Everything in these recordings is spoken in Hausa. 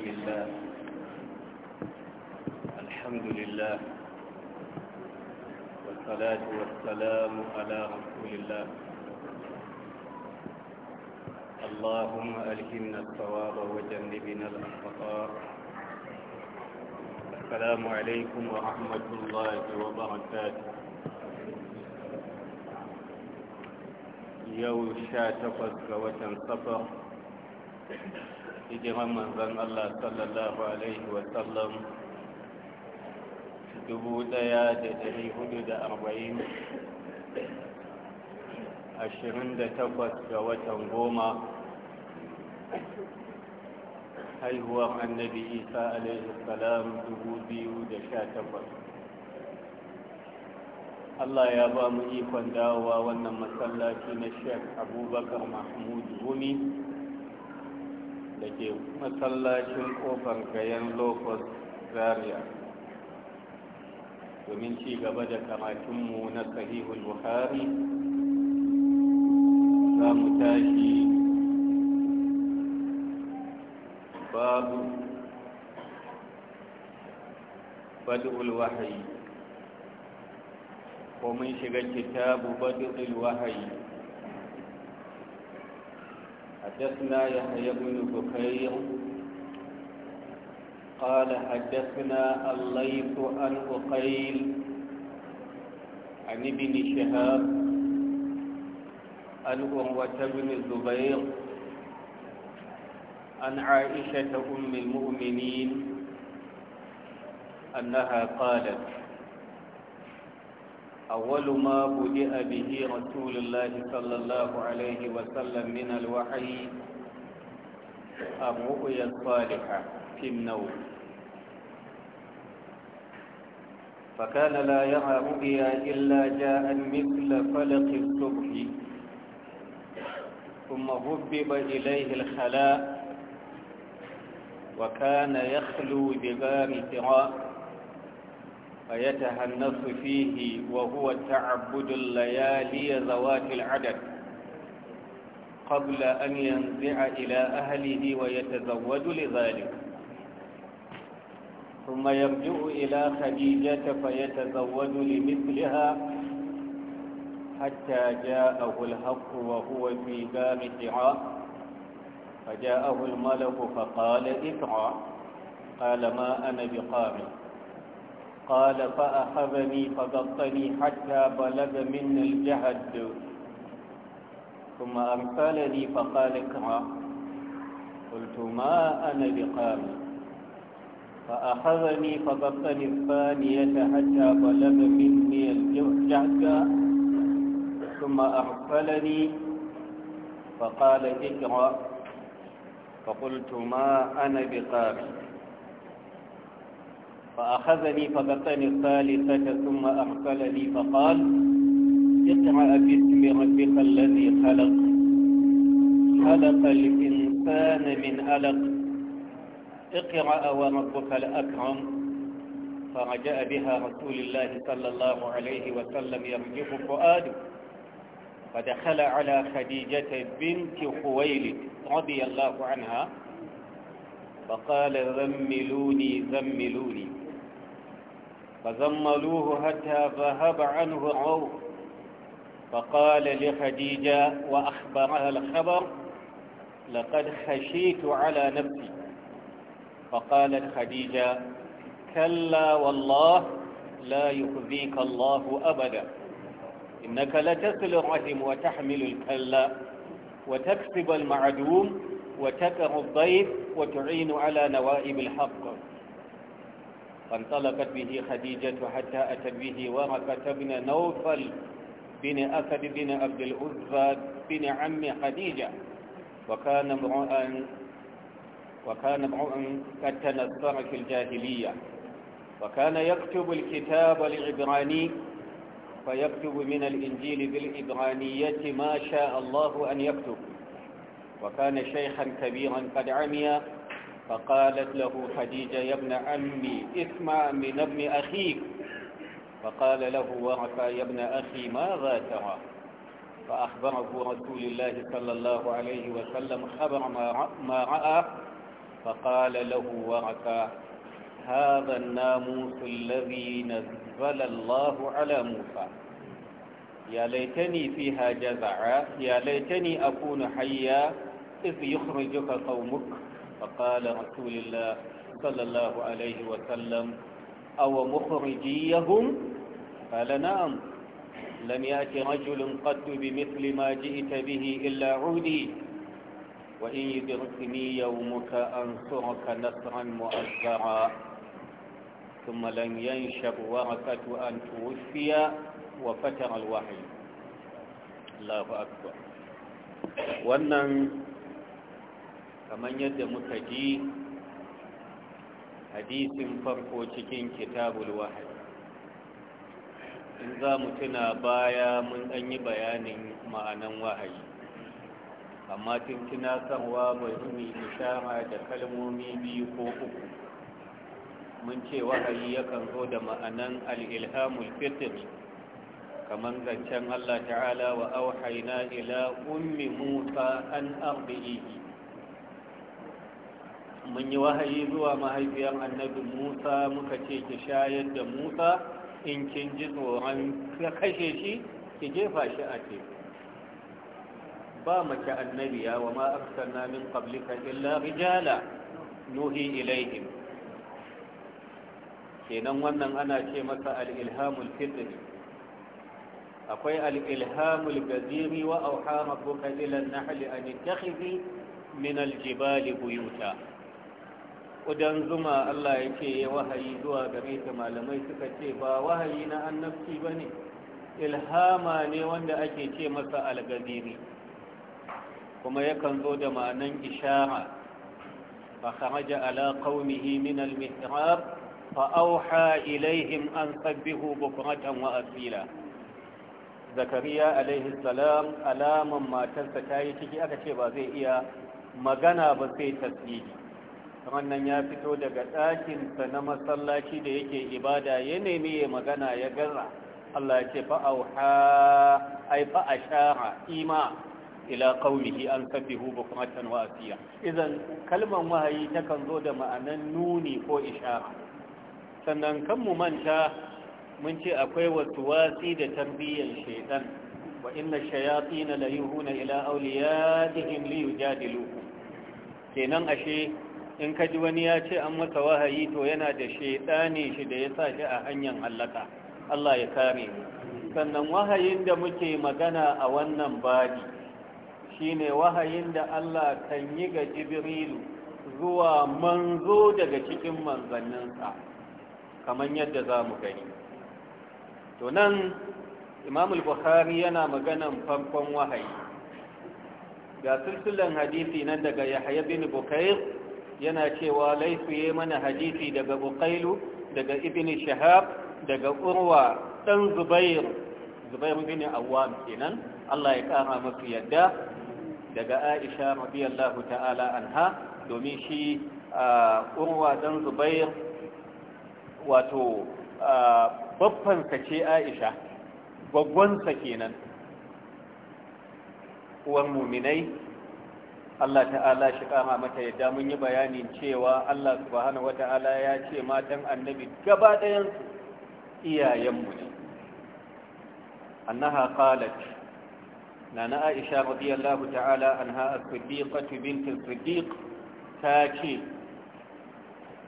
بسم الله الحمد لله والصلاة والسلام على رسول الله اللهم ألهمنا الصواب وجنبنا الأخطاء السلام عليكم ورحمة الله وبركاته يوم شاتفز وتنصفر hijiran manzan Allah sallallahu Alaihi wasallam 1440 takwas ga watan goma haihuwar annabi isa alaihi salam takwas. Allah ya ba mu ikon dawowa wannan masallaci na Sheikh Abubakar Mahmud Gumi da ke masallacin kofar gayan locust zaria domin ci gaba da kamatinmu na sahihul buhari za mu tashi babu bad'ul wahayi ko mun shiga kitabu bad'ul wahayi حدثنا يحيى بن بكير قال حدثنا الليث عن أقيل عن ابن شهاب عن عروة بن الزبير عن عائشة أم المؤمنين أنها قالت أول ما بدأ به رسول الله صلى الله عليه وسلم من الوحي الرؤيا الصالحة في النوم فكان لا يرى رؤيا إلا جاء مثل فلق الصبح ثم هبب إليه الخلاء وكان يخلو بباب فراء فيتهنص فيه وهو تعبد الليالي ذوات العدد قبل أن ينزع إلى أهله ويتزود لذلك ثم يرجع إلى خديجة فيتزود لمثلها حتى جاءه الحق وهو في دام حراء فجاءه الملك فقال اقرأ قال ما أنا بقارئ قال فأخذني فضبطني حتى بلغ مني الجهد ثم أرسلني فقال اقرأ قلت ما أنا بقارئ فأخذني فضبطني الثانية حتى بلغ مني الجهد ثم أرسلني فقال اقرأ فقلت ما أنا بقارئ فأخذني فغطني الثالثة ثم أرسلني فقال اقرأ باسم ربك الذي خلق خلق الإنسان من ألق اقرأ وربك الأكرم فرجاء بها رسول الله صلى الله عليه وسلم يرجف فؤاده فدخل على خديجة بنت خويلد رضي الله عنها فقال ذملوني ذملوني فزملوه حتى ذهب عنه الروح فقال لخديجة وأخبرها الخبر لقد خشيت على نفسي فقالت خديجة كلا والله لا يخزيك الله أبدا إنك لتصل الرحم وتحمل الكلا وتكسب المعدوم وتكره الضيف وتعين على نوائب الحق فانطلقت به خديجة حتى أتت به ورقة بن نوفل بن أسد بن عبد العزى بن عم خديجة وكان امرؤا وكان امرؤا قد تنصر في الجاهلية وكان يكتب الكتاب العبراني فيكتب من الإنجيل بالإبرانية ما شاء الله أن يكتب وكان شيخا كبيرا قد عمي فقالت له خديجة يا ابن عمي اسمع من ابن أخيك فقال له ورفا يا ابن أخي ماذا ترى فأخبره رسول الله صلى الله عليه وسلم خبر ما رأى فقال له ورقا هذا الناموس الذي نزل الله على موسى يا ليتني فيها جزعا يا ليتني أكون حيا إذ يخرجك قومك فقال رسول الله صلى الله عليه وسلم أو مخرجيهم قال نعم لم يأت رجل قد بمثل ما جئت به إلا عودي وإن يدركني يومك أنصرك نصرا مؤثرا ثم لم ينشب ورثة أن توفي وفتر الوحي الله أكبر وانا kamar yadda muka ji hadisin farko cikin kitabul wahai in za mu tuna baya mun ɗan yi bayanin ma'anan wahayi amma tun sanwa mai ishara da kalmomi biyu ko uku mun ce wahayi yakan zo da ma'anan al'ilhamul fitri kamar zancen Allah ta'ala wa auhaina ila ummi musa an arbi'ihi mun yi wahayi zuwa mahaifiyar annabi musa muka ce ki shayar da musa in kin ji tsoron kashe shi ki jefa shi a ce. ba mace annabiya wa ma arsalna min qablika illa rijala nuhi ilaihim kenan wannan ana ce masa al-ilhamul fitri akwai al-ilhamul gaziri wa auha rabbuka ila an-nahli a takhidhi min aljibali buyuta kudan zuma Allah yake wahayi zuwa game malamai suka ce ba wahayi na annabci ba ne ilhama ne wanda ake ce masa algaziri kuma yakan zo da ma'anan ishara fa kharaja ala qaumihi min al-mihrab fa auha ilaihim an sabbihu bukratan wa asila zakariya alaihi salam alaman matarsa ta yi ciki aka ce ba zai iya magana ba sai tasbihi wannan ya fito daga ɗakinsa na masallaci da yake ibada ya nemi ya magana ya garra Allah ya ce fa'auha ai fa'ashara ima ila qaulihi an kafihu bukratan wa asiya idan kalmar wahayi takan zo da ma'anan nuni ko ishara sannan kan mu manta mun ce akwai wasi da tarbiyyar shaidan. wa inna na la na ila awliyatihim li yujadilukum kenan ashe in ka ji wani ya ce an masa wahayi to yana da shaidani shi da ya sa shi a hanyar hallaka Allah ya kare sannan wahayin da muke magana a wannan bari shine wahayin da Allah kan yi ga Jibrilu zuwa manzo daga cikin manzanninsa kamar yadda za mu gani to nan imam al-bukhari yana maganan farkon wahayi ga silsilan hadisi nan daga yahya bin bukair yana cewa laifu ya mana hadisi daga Bukailu, daga ibn shahab daga urwa ɗan zubair zubair bin awwam kenan Allah ya kara masa yadda daga aisha radiyallahu ta'ala anha domin shi urwa ɗan zubair wato babbansa ce aisha gwaggwansa kenan uwar muminai Allah ta'ala shi kama mata yadda mun yi bayanin cewa Allah subhanahu wata'ala ya ce matan annabi gaba ɗayansu iyayenmu ne annaha qalat nana Aisha radiyallahu ta'ala anha as-siddiqatu bint as-siddiq ta ce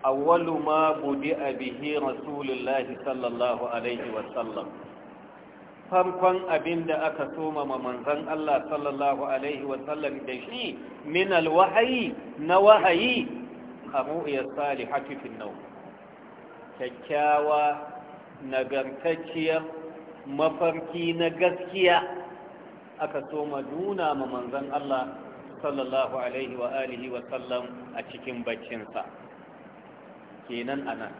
awwalu ma budi'a bihi rasulullahi sallallahu alaihi wa sallam farkon abin da aka soma ma manzan Allah sallallahu Alaihi wasallam da shi min alwahayi na wahayi a mu'iyar tsari hakifin nau kyakkyawa nagartacciyar mafarki na gaskiya aka soma nuna ma manzan Allah sallallahu Alaihi wa alihi wasallam a cikin baccinsa kenan anan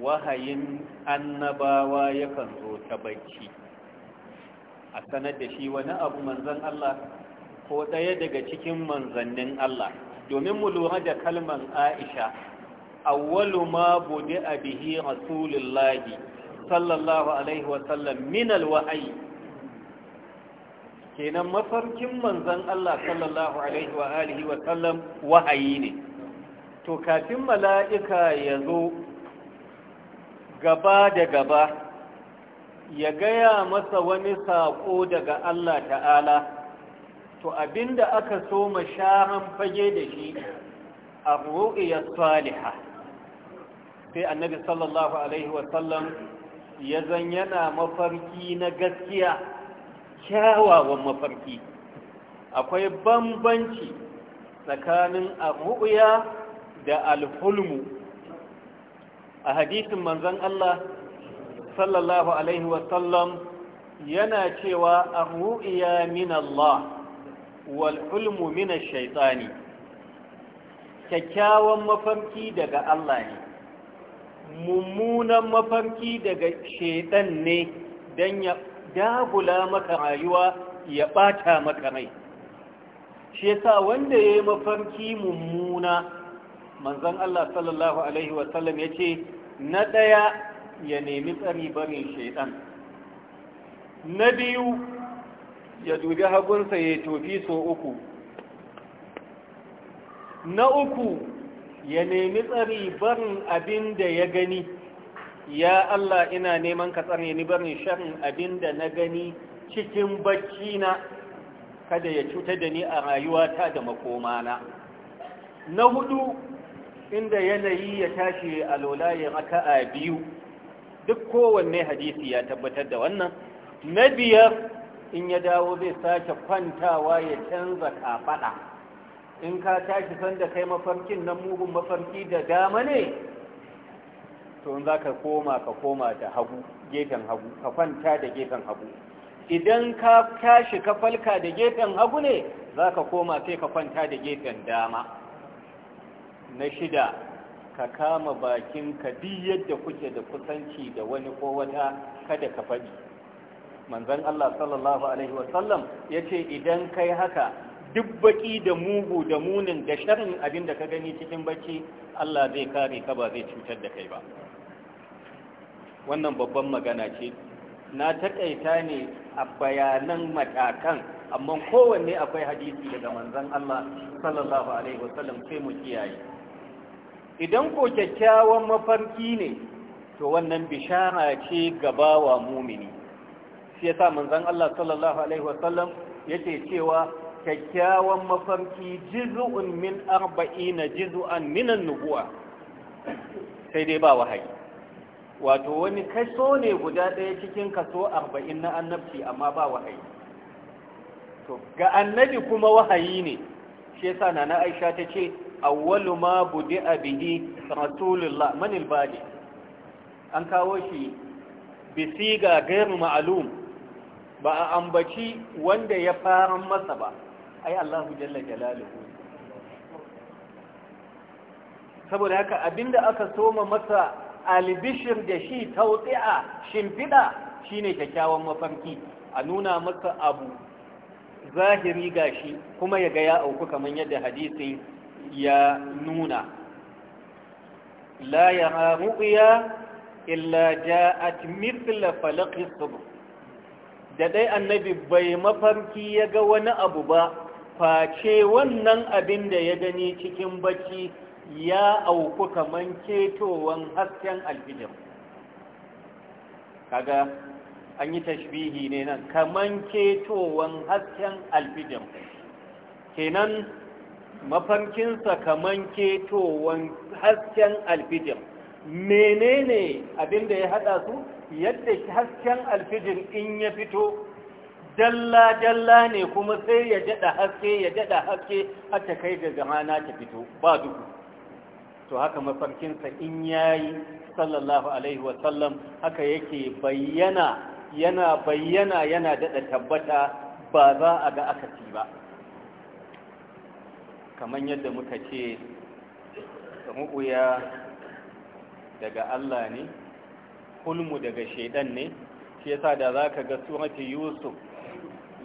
wahayin annabawa yakan zo ta bacci a sanar da shi wani abu manzan Allah ko ɗaya daga cikin manzannin Allah domin mu lura da kalmar Aisha awwalu ma budi bihi rasulullahi sallallahu alaihi wasallam min alwahyi kenan mafarkin manzan Allah sallallahu alaihi wa alihi wasallam wahayi ne to kafin mala'ika ya zo gaba da gaba ya gaya masa wani saƙo daga Allah ta'ala to abinda aka so ma shahan fage da shi a ru'iyar saliha sai annabi sallallahu alaihi wasallam ya zan yana mafarki na gaskiya kyawawan mafarki akwai bambanci tsakanin a da alhulmu a hadisin manzon Allah sallallahu alaihi wasallam yana cewa ar-ru'ya min Allah wal min kyakkyawan mafarki daga Allah ne mummunan mafarki daga shaiɗan ne don ya dagula maka rayuwa ya ɓata maka rai shi yasa wanda ya yi mafarki mummuna manzon Allah sallallahu alaihi wasallam ya ce na ɗaya ya nemi tsari barin shaidan na biyu ya dubi hagunsa ya tofi so uku na uku ya nemi tsari barin abinda ya gani ya Allah ina neman ka tsare ni barin sharrin abinda na gani cikin bacci na kada ya cutar da ni a rayuwata da makomana na hudu inda yanayi ya tashi a lolayin a biyu duk kowanne hadisi ya tabbatar da wannan na biyar in ya dawo zai sake kwantawa ya canza kafaɗa in ka tashi sanda kai mafarkin nan mugun mafarki da dama ne to za ka koma ka koma da hagu gefen hagu ka kwanta da gefen hagu idan ka tashi ka falka da gefen hagu ne za ka koma sai ka kwanta da gefen dama na shida ka kama bakin ka bi yadda kuke da kusanci da wani ko wata kada ka faɗi manzon Allah sallallahu alaihi wasallam yace idan kai haka duk baki da mugu da munin da sharrin abin da ka gani cikin bacci Allah zai kare ka ba zai cutar da kai ba wannan babban magana ce na taƙaita ne a bayanan matakan amma kowanne akwai hadisi daga manzan Allah sallallahu alaihi wasallam sai mu kiyaye idan ko kyakkyawan mafarki ne to wannan bishara ce gabawa mumini shi yasa manzon Allah sallallahu alaihi wasallam yake cewa kyakkyawan mafarki juz'un min 40 juz'an minan an-nubuwa sai dai ba wahayi wato wani kaso ne guda ɗaya cikin kaso arba'in na annabci amma ba wahayi to ga annabi kuma wahayi ne shi yasa na na aisha ta ce awwalu ma budi bihi rasulullah manil bali an kawo shi bisi ga gairu ma'alum ba a ambaci wanda ya fara masa ba ai Allahu jalla jalaluhu saboda haka abinda aka soma masa albishir da shi tautsi'a shimfiɗa shine kyakkyawan mafarki a nuna masa abu zahiri gashi kuma ya ga ya auku kamar yadda hadisin ya nuna la yara ru'ya illa ja'at mithla falaqi subh da dai annabi bai mafarki ya ga wani abu ba face wannan abin da ya gani cikin bacci ya auku kaman ketowan hasken alfijir kaga an yi tashbihi ne nan kaman ketowan hasken alfijir kenan mafarkinsa kaman ketowan hasken alfijir menene abin da ya hada su yadda hasken alfijir in ya fito dalla-dalla ne kuma sai ya dada haske ya dada haske har ta kai ga rana ta fito ba duku to haka mafarkinsa in yayi sallallahu alaihi wasallam haka yake bayyana yana bayyana yana daɗa tabbata ba za a ga aka ci ba kamar yadda muka ce ru'uya daga Allah ne hulmu daga shaidan ne shi yasa da za ka ga surati yusuf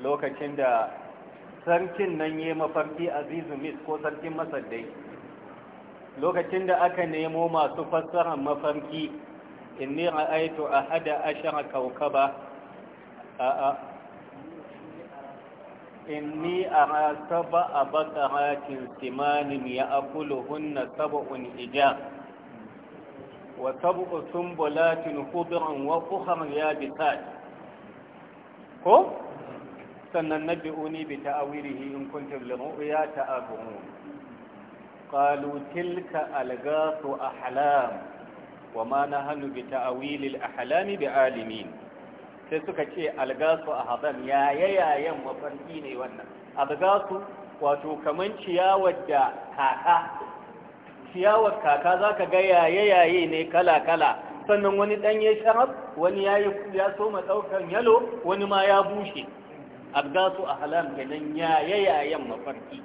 lokacin da sarkin nan ya mafarki azizu mis ko sarkin masar dai lokacin da aka nemo masu fassara mafarki inni ra'aitu ahada ashara kaukaba a'a inni ara sab'a baqaratin simanin ya'kuluhunna sab'un ija wa sab'u sumbulatin khudran wa ya yabisat ko sannan bi'uni bi ta'awilihi in kuntum liru'ya ta'abun قالوا تلك ألغاث أحلام وما نحن بتأويل الأحلام بعالمين sai suka ce algasu a haban yaye yayan mafarki ne wannan algasu wato kaman ciyawar da kaka ciyawar kaka za ka ga yaye yaye ne kala kala sannan wani ɗan ya sharaf wani ya soma ɗaukar yalo wani ma ya bushe algasu a halam kenan yaye yayan mafarki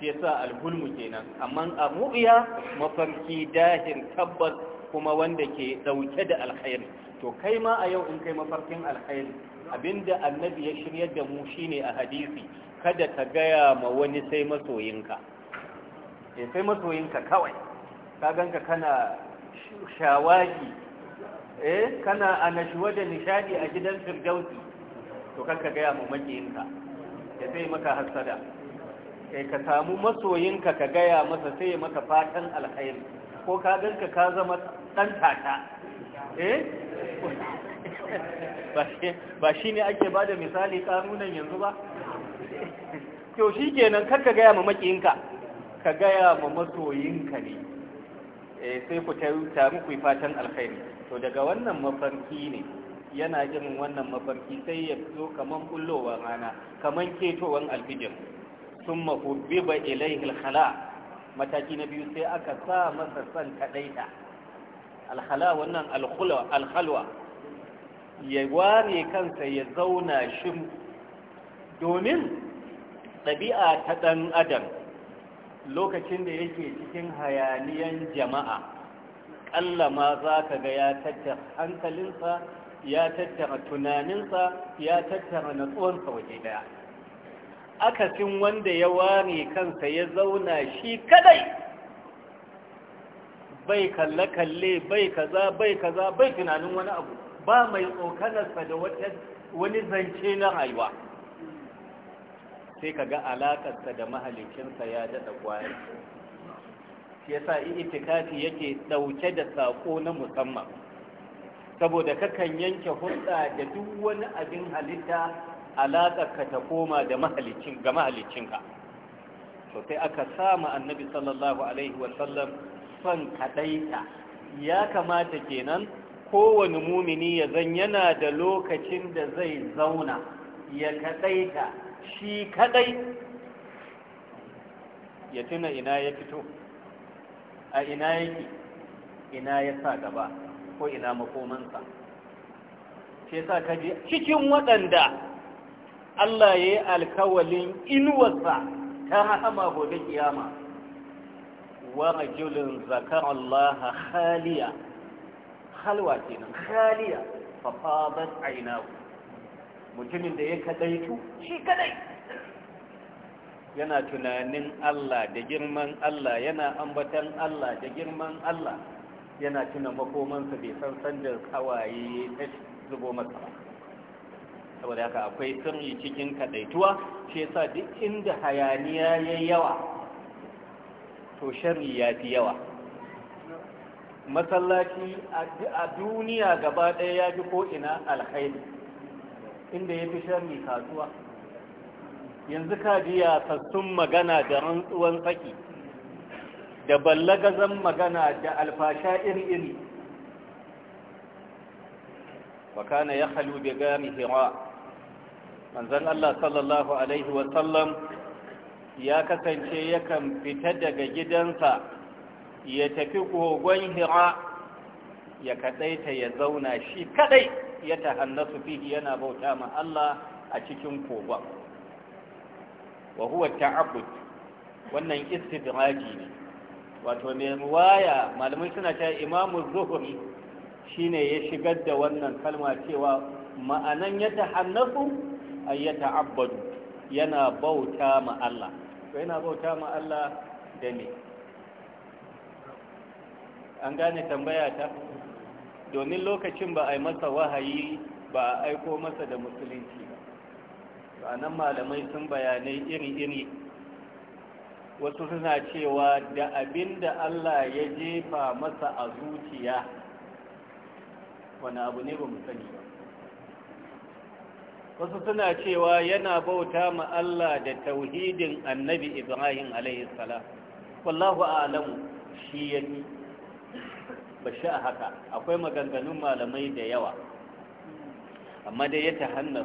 shi sa alhulmu nan. amma a mu'iya mafarki dahin, tabbas kuma wanda ke dauke da alkhairi to kai ma a yau in kai mafarkin alkhairi abinda annabi ya shirya da mu shine a hadisi kada ka gaya ma wani sai masoyinka eh sai masoyinka kawai ka ganka kana shawagi eh kana anashuwa da nishadi a gidan firdausi to kanka gaya ma makiyinka ya sai maka hasada Eh, ka samu masoyinka ka gaya masa sai ya maka fatan alkhairi ko ka ganka ka zama dan tata eh ba shi ne ake ba da misali kanunan yanzu ba to shi kenan ka gaya ma makiyinka ka gaya ma masoyinka ne eh, sai ku taru ku fatan alkhairi to daga wannan mafarki ne yana jin wannan mafarki sai ya zo kaman bullowa rana kaman ketowar alfijir sun mafubi ba ilayhil khala mataki na biyu sai aka sa masa son kaɗaita alhala wannan alhalwa ya ware kansa ya zauna shim domin ɗabi'a ta ɗan adam lokacin da yake cikin hayaniyan jama'a ƙalla ma za ka ga ya tattara hankalinsa ya tattara tunaninsa ya tattara natsuwansa waje daya akasin wanda ya ware kansa ya zauna shi kadai bai kalle-kalle bai kaza bai kaza bai tunanin wani abu ba mai tsokanarsa da wani zance na rayuwa sai kaga ga alakarsa da mahalicinsa ya daɗa kwayar shi yasa itikafi yake ɗauke da saƙo na musamman saboda kakan yanke hulɗa da duk wani abin halitta ka ta koma da mahalicin ga mahalicinka aka sama annabi sallallahu alaihi wasallam son kaɗaita ya kamata kenan kowane mumini ya zan yana da lokacin da zai zauna ya kaɗaita shi kaɗai ya tuna ina ya fito a ina yake ina ya sa gaba ko ina makomansa ce sa kaji cikin waɗanda Allah ya yi alkawalin inuwarsa ta rahama gobe kiyama wa rajulun zakar Allah khaliya halwa kenan khaliya fa fadat ainahu mutumin da ya kadaitu shi kadai yana tunanin Allah da girman Allah yana ambatan Allah da girman Allah yana tuna makomansa bai san sandar kawaye ta zubo masa ba saboda haka akwai sirri cikin kadaituwa shi yasa duk inda hayaniya ya yawa to sharri ya fi yawa masallaci a duniya gaba ɗaya ya fi ko'ina alhaini inda ya fi sharri kasuwa yanzu ka biya sassun magana da rantsuwan tsaki da ballagazan magana da alfasha iri-iri wakana ya halu bi gami hira manzon Allah sallallahu alaihi wasallam ya kasance yakan fita daga gidansa ya tafi kogon hira ya kadaita ya zauna shi kadai ya tahannasu fihi yana bauta ma Allah a cikin kogon wa huwa ta'abbud wannan istidraji ne wato mai ruwaya malamai suna cewa imamu zuhuri shine ya shigar da wannan kalma cewa ma'anan ya tahannasu ayyata abadu yana bauta ma Allah yana bauta ma Allah da ne an gane tambaya ta domin lokacin ba a yi masa wahayi ba a aiko masa da musulunci ba nan malamai sun bayanai iri-iri wasu suna cewa da abinda Allah ya jefa masa a zuciya wani abu ne ba mu ba wasu suna cewa yana bauta ma Allah da tauhidin annabi Ibrahim alaihi salam wallahu a'lamu shi yake bashi a haka akwai maganganun malamai da yawa amma dai ya tahannas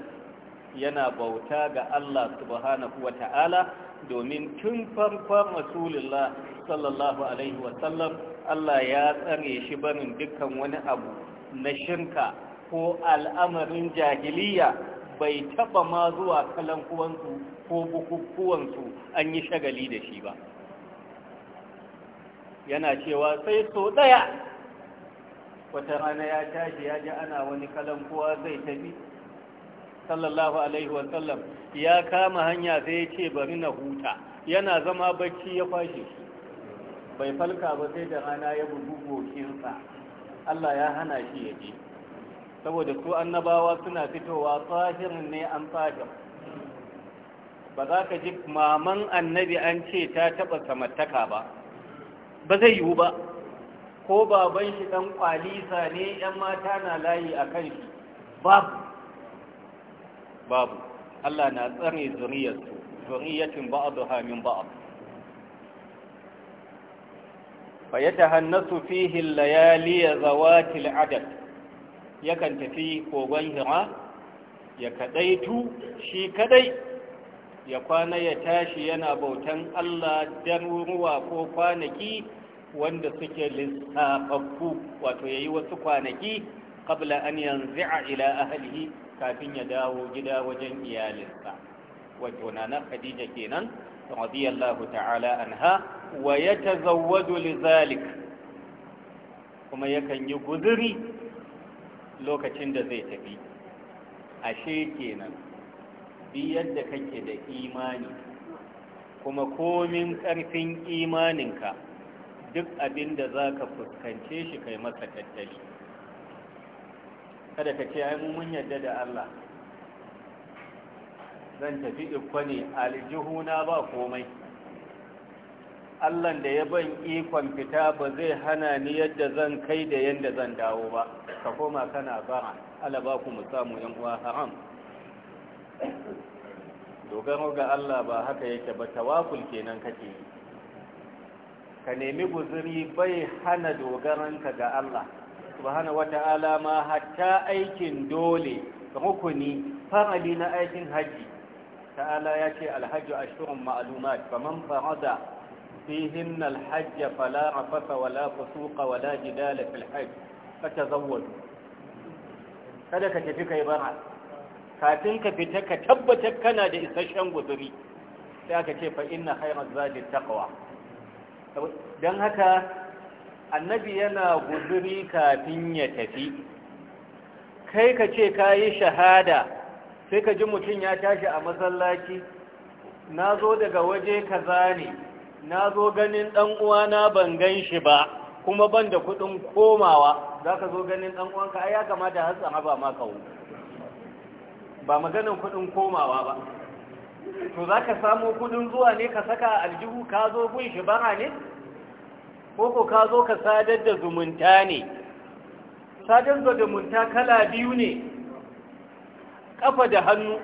yana bauta ga Allah subhanahu wa ta'ala domin tun farkon rasulullah sallallahu alaihi sallam, Allah ya tsare shi barin dukkan wani abu na shirka ko al'amarin jahiliya bai taba ma zuwa kalankuwansu ko bukukuwansu an yi shagali da shi ba yana cewa sai so daya wata rana ya tashi ya ji ana wani kalankuwa zai tafi sallallahu alaihi wasallam ya kama hanya sai ya ce bari na huta yana zama bacci ya kwashe shi bai falka ba sai da rana ya bugu gokinsa Allah ya hana shi ya je saboda su annabawa suna fitowa tsahirin ne an tsahir ba za ka ji maman annabi an ce ta taɓa samartaka ba ba zai yiwu ba ko baban shi ɗan kwalisa ne ‘yan mata na layi a kan shi babu babu Allah na tsare zuriyarsu zuriyatin ba'adu hamin ba'adu fa ya tahannasu fihin layaliya zawatil adad yakan tafi kogon hira ya kadaitu shi kadai ya kwana ya tashi yana bautan Allah ruwa ko kwanaki wanda suke lissafaffu wato yayi wasu kwanaki kabla an a ila ahlihi kafin ya dawo gida wajen iyalinsa wato na Khadija kenan radiyallahu ta'ala anha wa yatazawwadu lidhalik kuma yakan yi guduri. lokacin da zai tafi ashe kenan biyar da kake da imani kuma komin ƙarfin imaninka duk abin da za ka fuskance shi kai masa tattali kada ka ce ai mun yarda da Allah zan tafi ikwani aljihuna ba komai allah da ya ban ikon fita ba zai hana ni yadda zan kai da yadda zan dawo ba ka koma kana bara alaba ku mu samu yan uwa haram dogaro ga allah ba haka yake ba tawakul kenan kake yi ka nemi guzuri bai hana dogaranka ga allah subhana wata'ala ma hatta aikin dole rukuni farali na aikin hajji. ta'ala ya ce alhaji shirin ma'alumat man farada فيهن الحج فلا رفث ولا فسوق ولا جدال في الحج فتزودوا kada ka tafi kai bara kafin ka fita ka tabbatar kana da isasshen guzuri sai aka ce fa inna khairaz zadi taqwa dan haka annabi yana guzuri kafin ya tafi kai ka ce kayi shahada sai ka ji mutum ya tashi a masallaci na zo daga waje kaza ne na zo ganin ɗan uwana ban gan shi ba kuma ban da kuɗin komawa za ka zo ganin ɗan uwanka ai ya kamata har tsama ba ma kawo ba maganin kuɗin komawa ba to za ka samo kuɗin zuwa ne ka saka aljihu ka zo gun shi bara ne ko ka zo ka sadar da zumunta ne sadar da zumunta kala biyu ne kafa da hannu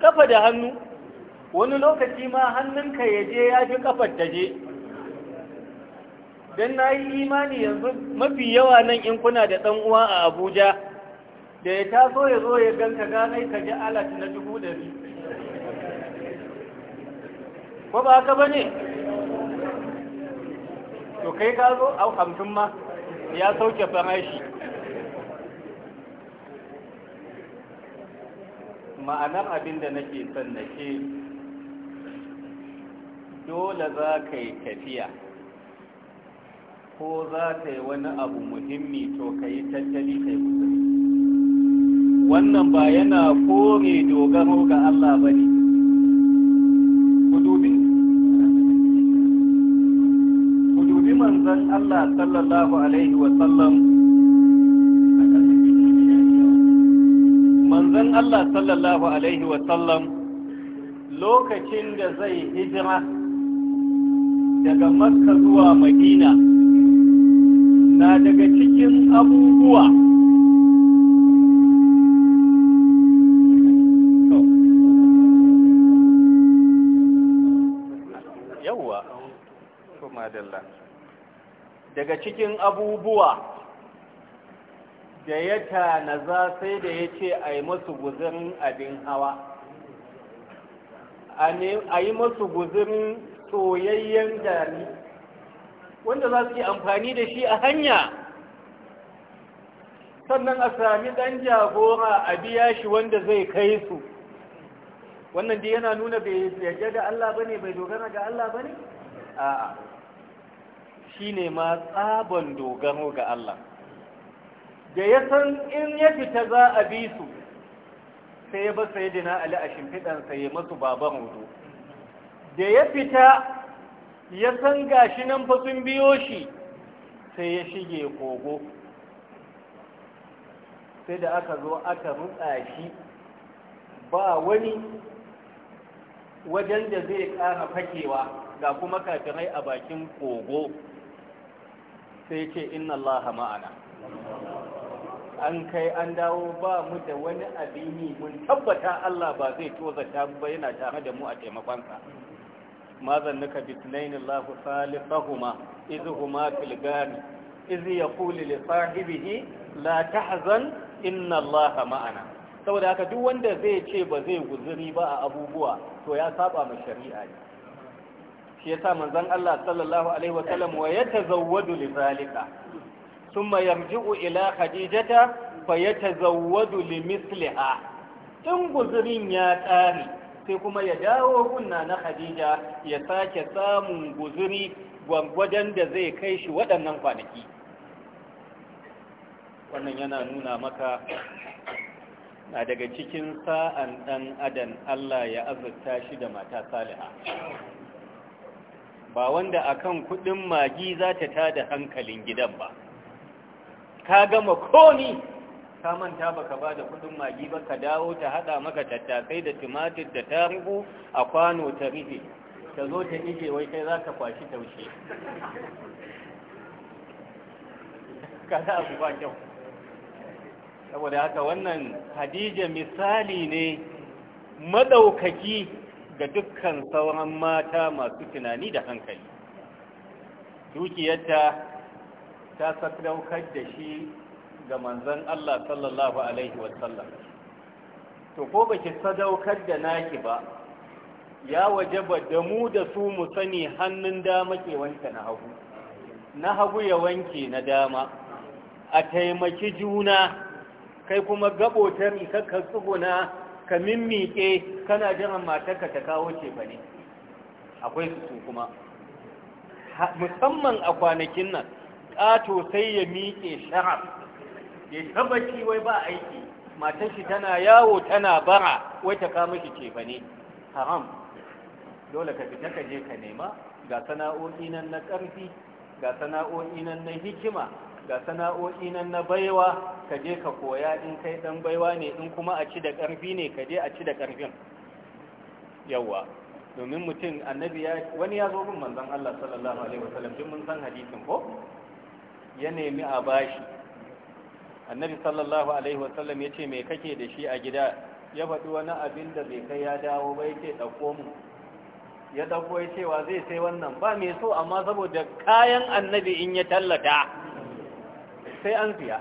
kafa da hannu wani lokaci ma hannunka ya je ya fi kafar ta je don na yi imani yanzu mafi yawa nan in kuna da ɗan uwa a abuja da ya taso ya zo ya ganka ganai ka ji alat na dubu ɗari ko ba haka ba ne to kai ka zo a hamsin ma ya sauke farashi ma'anar abin da nake son na ke dole za ka yi tafiya ko za ka yi wani abu muhimmi to ka yi tattali ka yi wannan ba yana kore dogaro ga Allah ba ne kudubi manzan Allah sallallahu alaihi wasallam manzan Allah sallallahu alaihi wasallam lokacin da zai hijira daga makka zuwa madina na daga cikin abubuwa yawwa daga cikin abubuwa da ya tanaza sai da ya ce a yi masu guzirin abin hawa a yi masu guzirin soyayyen gari wanda za su yi amfani da shi a hanya sannan a sami ɗan jagora a biya shi wanda zai kai su wannan da yana nuna bai yaje da Allah bane bai dogara ga Allah bane a'a shine ma tsaban dogaro ga Allah da ya san in ya fita za a bi su sai ya ba sayyidina Ali a shimfidan sai ya masu baban hudu da ya fita ya san gashi nan fa sun biyo shi sai ya shige kogo sai da aka zo aka rutsa shi ba wani wajen da zai ƙara fakewa ga kuma kafirai a bakin kogo sai ce inna Allah ma'ana an kai an dawo ba mu da wani abini mun tabbata Allah ba zai tozata ba yana tare da mu a taimakonsa ما ظنك باثنين الله ثالثهما إذ هما في الغار إذ يقول لصاحبه لا تحزن إن الله معنا saboda haka duk wanda zai ce ba zai guzuri ba a abubuwa to ya saba ma shari'a ne shi ya yasa manzon Allah sallallahu alaihi wa sallam wa yatazawwadu li zalika thumma yarji'u ila khadijata fa yatazawwadu li misliha in guzurin ya tsari sai kuma ya dawo kunna na Khadija ya sake samun guzuri gwangwajen da zai kai shi waɗannan kwanaki wannan yana nuna maka na daga cikin sa'an ɗan adan Allah ya azurta shi da mata saliha ba wanda akan kuɗin magi za ta da hankalin gidan ba ka gama komi ka manta baka ba da kudin magi ba ka dawo ta hada maka tattakai da tumatir da tarugu a kwano ta rufe ta zo ta ije wai kai za ka kwashi taushe za a kuwa kyau saboda haka wannan hadija misali ne madaukaki ga dukkan sauran mata masu tunani da hankali dukiyarta ta sadaukar da shi ga manzon Allah sallallahu alaihi wasallam to ko baki sadaukar da naki ba ya wajaba da mu da su mu sani hannun dama ke wanke na hagu na hagu ya wanke na dama a taimaki juna kai kuma gabo ta mikakka tsuguna ka mimmike kana jiran matarka ta kawo ce ba ne akwai su kuma musamman a kwanakin nan ƙato sai ya miƙe sharaf ya tabbaci wai ba aiki matar shi tana yawo tana bara wai ta kama shi ce ba ne haram dole ka fita ka je ka nema ga sana'o'i nan na ƙarfi ga sana'o'i nan na hikima ga sana'o'i nan na baiwa ka je ka koya in kai dan baiwa ne in kuma a ci da ƙarfi ne ka je a ci da ƙarfin yawa domin mutum annabi ya wani ya zo gun manzon Allah sallallahu alaihi wasallam din mun san hadisin ko ya nemi a bashi annabi sallallahu alaihi wasallam ya ce mai kake da shi a gida ya faɗi wani abin da bai kai ya dawo ba yake ɗauko mu ya ɗauko ya cewa zai sai wannan ba mai so amma saboda kayan annabi in ya tallata sai an siya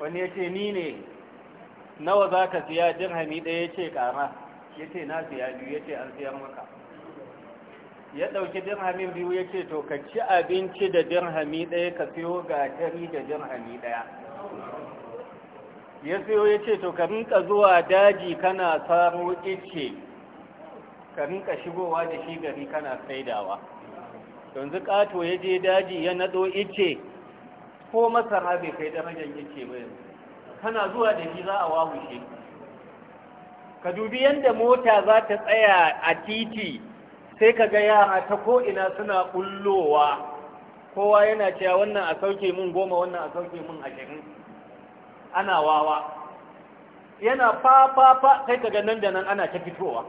wani ya ce ni ne nawa za ka siya dirhami ɗaya ya ce ƙara ya ce na siya biyu ya ce an siyar maka ya ɗauki hamin biyu ya ce to ka ci abinci da dirhami ɗaya ka ga gatari da dirhami ɗaya ya siyo ya ce to ka rinka zuwa daji kana saro ice ka rinka shigowa da shi gari kana saidawa yanzu ƙato ya je daji ya naɗo ice ko masara bai kai darajar ice ba kana zuwa da shi za a wawushe ka dubi yadda mota za ta tsaya a titi sai ka ga yara ta ko'ina suna ɓullowa kowa yana cewa wannan a sauke mun goma wannan a sauke mun ashirin ana wawa yana fa-fa-fa sai ka ga nan da nan ana ta fitowa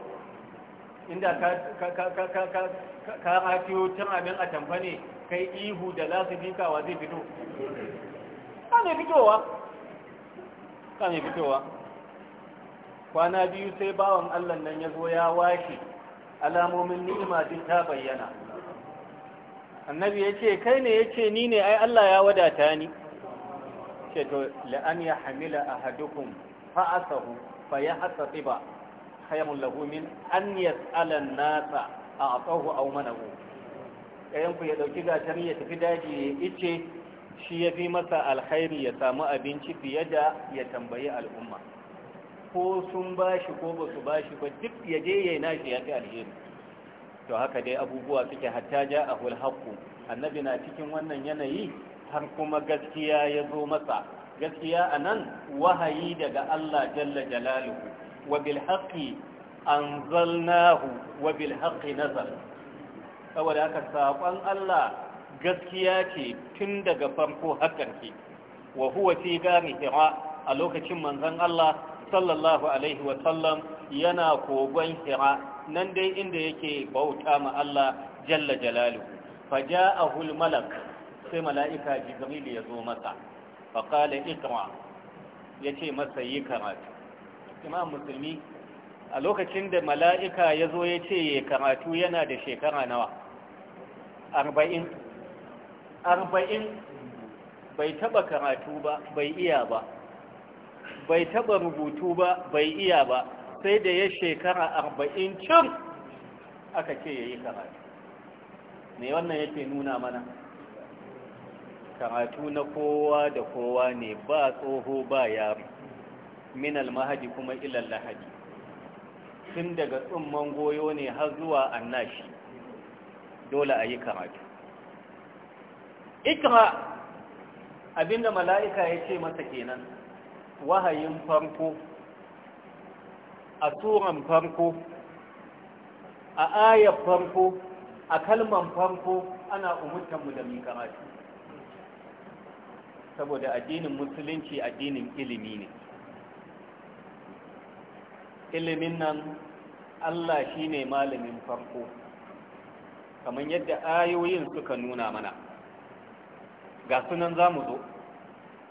inda ka ratiyo tun abin a tamfa ne kai ihu da lasifikawa zai fito ka mai fitowa ka mai fitowa kwana biyu sai bawan allah nan ya zo ya washe alamomin ni'ima duk ta bayyana annabi ya ce kai ne ya ce ni ne ai Allah ya wadata ni ce to la'an ya hamila a hadukun fa'asahu fa ya hasa tsiba hayamun lagumin an yas'alan nasa a atsahu au manahu ku ya ɗauki gatar ya tafi daji ya ice shi ya fi masa alkhairi ya samu abinci fiye da ya tambayi al'umma ko sun bashi ko ba su bashi ba duk ya je yayi nashi ya fi alheri to haka dai abubuwa suke hatta ja a haqqu annabi na cikin wannan yanayi har kuma gaskiya ya zo masa gaskiya nan wahayi daga Allah jalla jalaluhu wa bil haqqi anzalnahu wa bil haqqi nazal saboda haka sakon Allah gaskiya ce tun daga farko hakan ke wa huwa fi gari a lokacin manzon Allah sallallahu alaihi wasallam yana kogon hira nan dai inda yake bauta ma Allah jalla jalalu faja'ahu al-malak sai mala'ika jibril ya zo masa faqala iqra yace masa yi karatu imam musulmi a lokacin da mala'ika ya zo ya ce ya karatu yana da shekara nawa arba'in arba'in bai taba karatu ba bai iya ba bai taba rubutu ba bai iya ba sai da ya shekara arba'in cin aka ce ya yi karatu mai wannan yake nuna mana karatu na kowa da kowa ne ba tsoho ba yaro Minal Mahadi kuma ilal lahadi tun daga tsumman goyo ne har zuwa annashi dole a yi karatu ikra abinda mala'ika ya ce masa kenan wahayin farko a turan farko a ayar farko a kalman farko ana umurtanmu da mi karatu saboda addinin musulunci addinin ilimi ne ilimin nan Allah shi ne malamin farko kamar yadda ayoyin suka nuna mana ga sunan zamu zo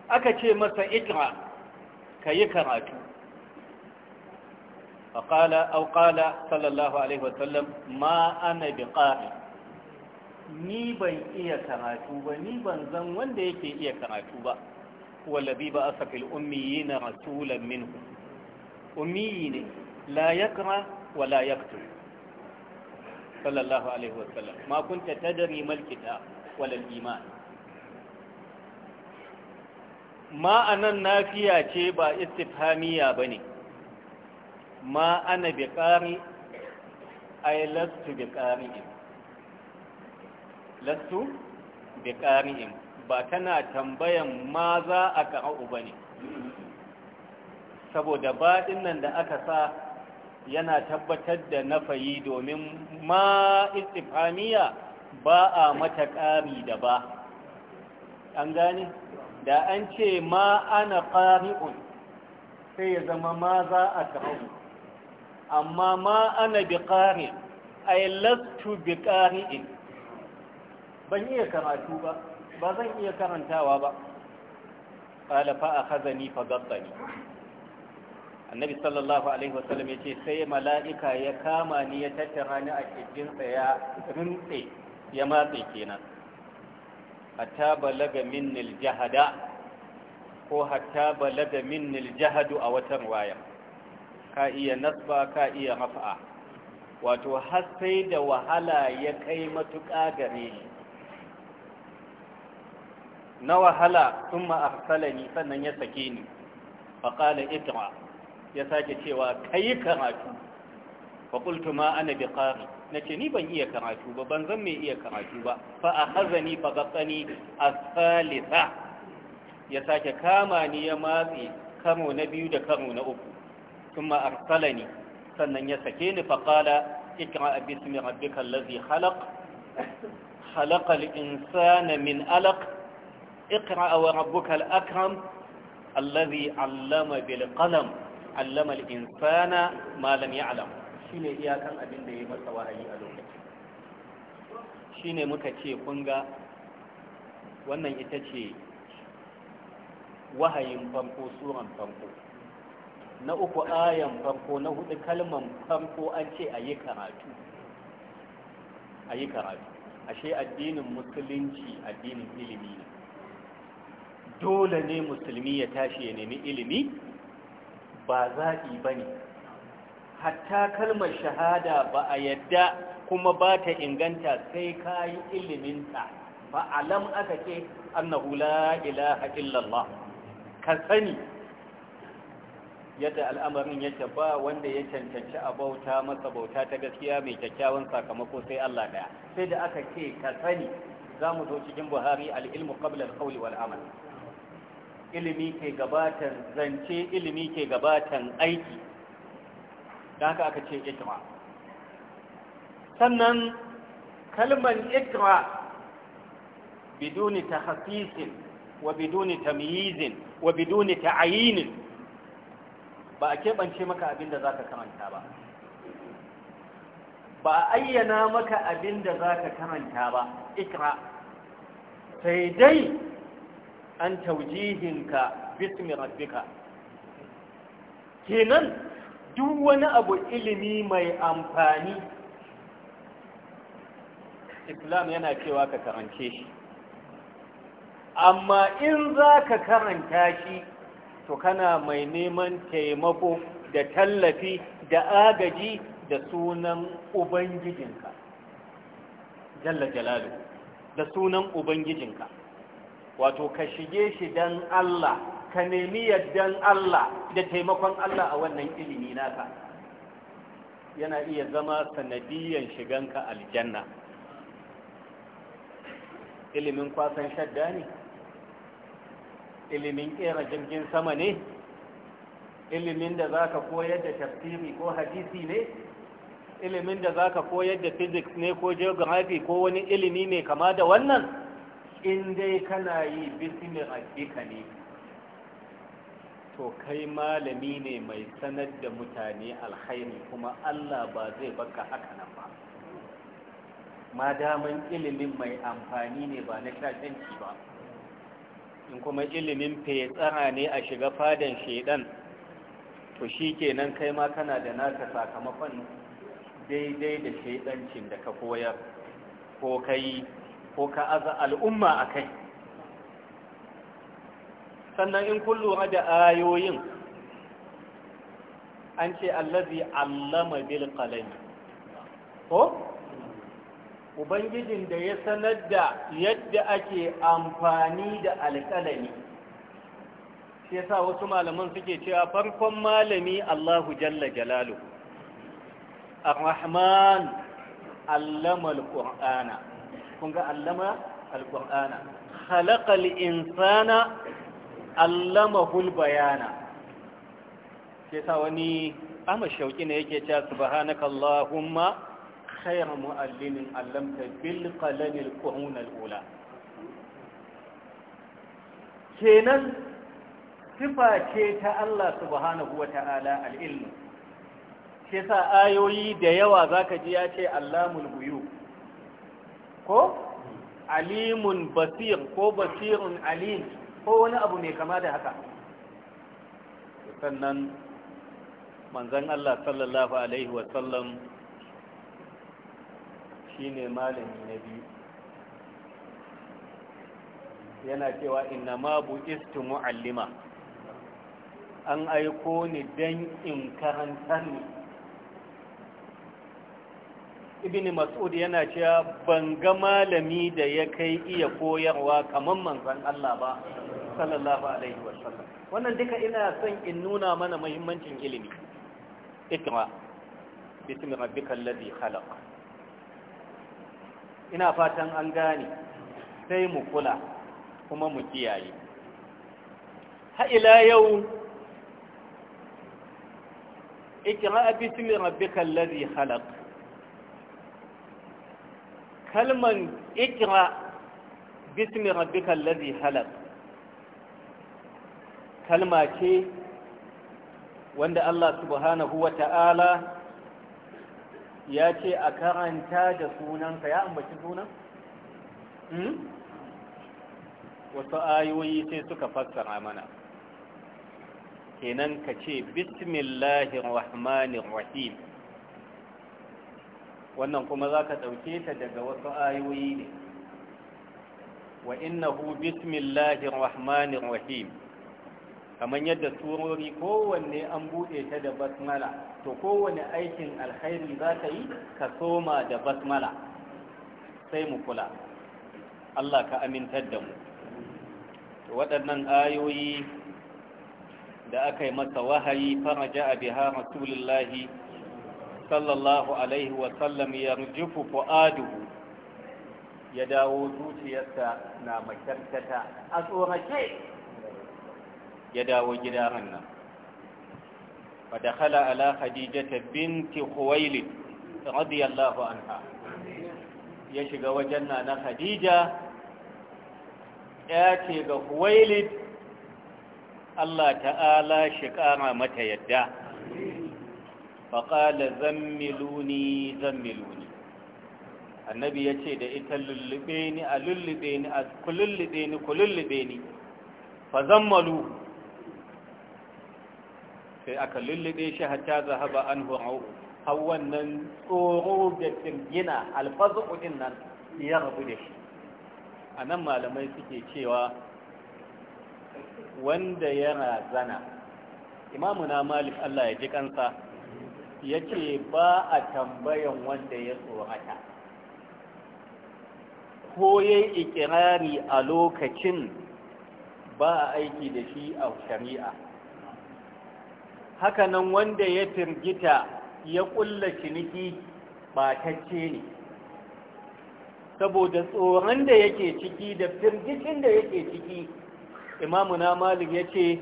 aka ce masa ikra ka yi karatu faƙala auƙala sallallahu alaihi wasallam ma ana bi ƙari ni ban iya karatu ba ni ban zan wanda yake iya karatu ba wallabi ba a safil ummiyi na rasulan minhu ummiyi ne la yakra wa la yaktu sallallahu alaihi wasallam ma kunta tadri mal kitab wal iman ma'anan anan nafiya ce ba istifhamiya bane ma ana bi qari ay lastu bi qari'in lastu bi ba tana tambayan ma za a ba bane saboda baɗin nan da aka sa yana tabbatar da nafayi domin ma istifamiya ba a mata ƙari da ba an gane da an ce ma ana ƙari'un sai ya zama ma za a ƙari'un amma ma ana bi ƙari ai lastu bi ƙari'in ban iya karatu ba ba zan iya karantawa ba ƙalafa a ni fa ne annabi sallallahu alaihi wasallam ya ce sai mala'ika ya kama ni ya tattara ni a ƙirjinsa ya rintse ya matse kenan hatta balaga minnil jahada ko hatta balaga minnil jahadu a watan waya ka iya nasba ka iya rafa'a wato har sai da wahala ya kai matuƙa gare ni na wahala sun ma'arsalani sannan ya sake ni faƙala ikra ya sake cewa kai karatu faƙultu ma ana bi ƙari nace ni ban iya karatu ba ban zan mai iya karatu ba fa akhazani fa ghattani as-salisa ya sake kama ni ya matse karo na biyu da karo na uku kuma ni sannan ya sake ni fa qala اقرأ باسم ربك الذي خلق خلق الإنسان من ألق اقرأ وربك الأكرم الذي علم بالقلم علم الإنسان ما لم يعلم Shi ne iyakan abin da ya masa wahayi a lokacin ne muka ce kun ga wannan ita ce wahayin famko suran famko na uku ayan famko na hudu kalman farko an ce a yi karatu a yi karatu ashe addinin musulunci addinin ilimi ne dole ne musulmi ya tashi ya nemi ilimi ba zaɓi ba ne hatta kalmar shahada ba a yadda kuma ba ta inganta sai ka yi iliminta ba alam aka ce annahu la ilaha illallah ka sani yadda al'amarin yake ba wanda ya cancanci a bauta masa bauta ta gaskiya mai kyakkyawan sakamako sai Allah daya sai da aka ce ka sani za mu zo cikin buhari al'ilmu ƙablar kawli wal ilimi ke gabatan zance ilimi ke gabatan aiki da haka aka ce ikra sannan kalmar ikra biduni tahsisin wa biduni tamyizin wa biduni ayinin ba a keɓance maka abin da ka karanta ba ba a ayyana maka abin da zaka karanta ba ikra sai dai an taujihinka bismi rabbika kenan duk wani abu ilimi mai amfani islam yana cewa ka karance shi amma in za ka karanta shi to kana mai neman taimako da tallafi da agaji da sunan ubangijinka jalla jalalu da sunan ubangijinka wato ka shige shi dan Allah ka nemi yaddan Allah da taimakon Allah a wannan ilimi naka yana iya zama sanadiyan shiganka aljanna ilimin kwasan shadda ne ilimin kera jirgin sama ne ilimin da za ka koyar da tafsiri ko hadisi ne ilimin da za ka koyar da physics ne ko geography ko wani ilimi ne kama da wannan in dai kana yi bismi rabbika ne to kai malami ne mai sanar da mutane alkhairi kuma Allah ba zai baka haka nan ba madaman ilimin mai amfani ne ba na shaƙanci ba in kuma ilimin fetsara ne a shiga fadan shaidan to shi kenan kai ma kana da naka sakamakon daidai da shaidancin da ka koyar ko kai ko ka aza al'umma a kai sannan in kun lura da ayoyin an ce allazi allama bil qalami ko ubangijin da ya sanar da yadda ake amfani da alƙalami shi yasa wasu malaman suke cewa farkon malami Allahu jalla jalalu ar-rahman allama al-qur'ana kun ga allama al-qur'ana khalaqa insana allamahul bayana sai sa wani amma shauki ne yake cewa subhanaka allahumma khayr muallimin allamta bil qalami al qurun al ula kenan sifa ce ta Allah subhanahu wata'ala al ilm sai sa ayoyi da yawa zaka ji ya ce allamul buyu ko alimun basir ko basirun alim ko wani abu mai kama da haka sannan manzan Allah sallallahu Alaihi wasallam shi ne malami na biyu yana cewa inna ma bu istu mu'allima an aiko ni dan in karanta ni ibn mas'ud yana cewa ban ga malami da ya kai iya koyarwa kamar manzan Allah ba sallallahu alaihi wasallam wannan duka ina son in nuna mana muhimmancin ilimi ikra bismi rabbikal ladhi khalaq ina fatan an gane sai mu kula kuma mu kiyaye ha ila yau ikra bismi rabbikal ladhi khalaq kalman ikra bismi rabbikal ladhi khalaq kalma ce wanda Allah subhanahu wa ta'ala ya ce a karanta da sunanka ya ambaci sunan? Hmm? wasu ayoyi sai suka fassara mana kenan ka ce bismillahir rahmanir rahim wannan kuma za ka ɗauke ta daga wasu ayoyi ne wa innahu bismillahir rahmanir rahim kamar yadda surori kowanne an buɗe ta da basmala to kowanne aikin alkhairi za ka yi ka soma da basmala sai mu kula Allah ka amintar da mu waɗannan ayoyi da aka yi masa wahayi faraja a biha rasulullahi sallallahu alaihi wasallam ya rujufu fu'aduhu ya dawo zuciyarsa na makarkata a tsorace ya dawo gida hannan fa hala ala khadijata binti khuwailid radiyallahu anha ya shiga wajen na na khadija ya ce ga khuwailid Allah ta'ala shi kama mata yadda faƙala zammiluni zammiluni annabi ya ce da ita lullube ni a lullube ni a kulullube ni kulullube ni fa zammalu sai aka lullube shi hatta zahaba anhu har wannan tsoro da tingina alfazu din nan ya rabu da shi a nan malamai suke cewa wanda ya razana imamu na malik Allah ya ji kansa ya ce ba a tambayan wanda ya tsorata ko ya ikirari a lokacin ba aiki da shi a shari'a hakanan wanda ya firgita ya kulla ciniki batacce ne saboda tsoron da yake ciki da firgicin da yake ciki imamu na malik ya ce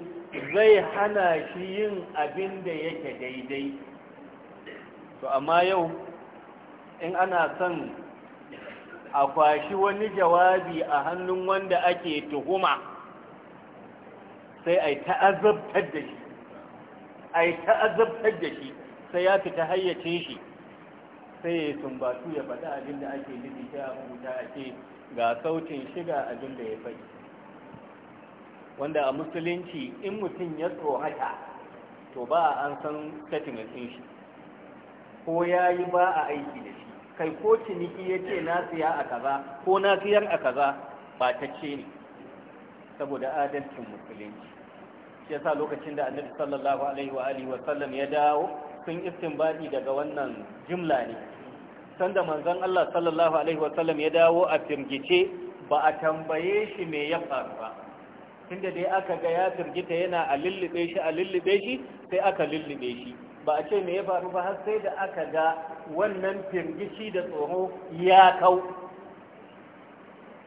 zai hana shi yin abin da yake daidai to amma yau in ana son a kwashi wani jawabi a hannun wanda ake tuhuma sai a ta'azabtar da shi a yi ta'azabtar da shi sai ya fita hayyace shi sai ya sumbatu ya faɗi abin da ake nufi ta abuta a ce ga sautin shiga abin da ya faɗi wanda a musulunci in mutum ya tsohata to ba a an san settlement shi ko ya yi ba a aiki da shi kai ko ciniki ya ce na siya a kaza ko na siyar a kaza ba ta ce ne saboda adalcin musulunci shi yasa lokacin da annabi sallallahu alaihi wa alihi wa sallam ya dawo sun istinbadi daga wannan jumla ne sanda manzon Allah sallallahu alaihi wa sallam ya dawo a firgice ba a tambaye shi me ya faru ba tunda dai aka ga ya firgita yana a lullube shi a lullube shi sai aka lullube shi ba a ce me ya faru ba har sai da aka ga wannan firgici da tsoro ya kau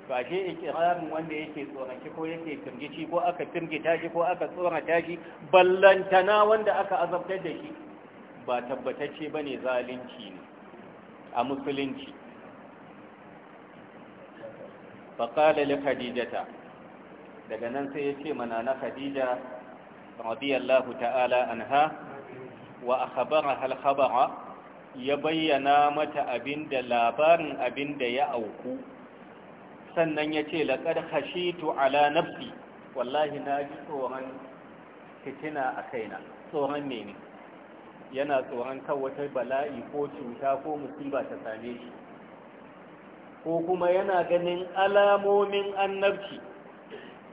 to ashe ikirarin wanda yake tsoraki ko yake firgici ko aka firgita shi ko aka tsorata shi ballantana wanda aka azabtar da shi ba tabbatacce ba ne zalunci ne a musulunci faƙala li khadijata daga nan sai ya ce mana na khadija radiyallahu ta'ala anha wa akhbara hal khabara ya bayyana mata abinda labarin abin da ya auku sannan ya ce laƙar hashitu ala nafsi wallahi na ji tsoron fitina a kaina tsoron ne ne yana tsoron kan wata bala'i ko cuta ko musiba ta same shi ko kuma yana ganin alamomin annabci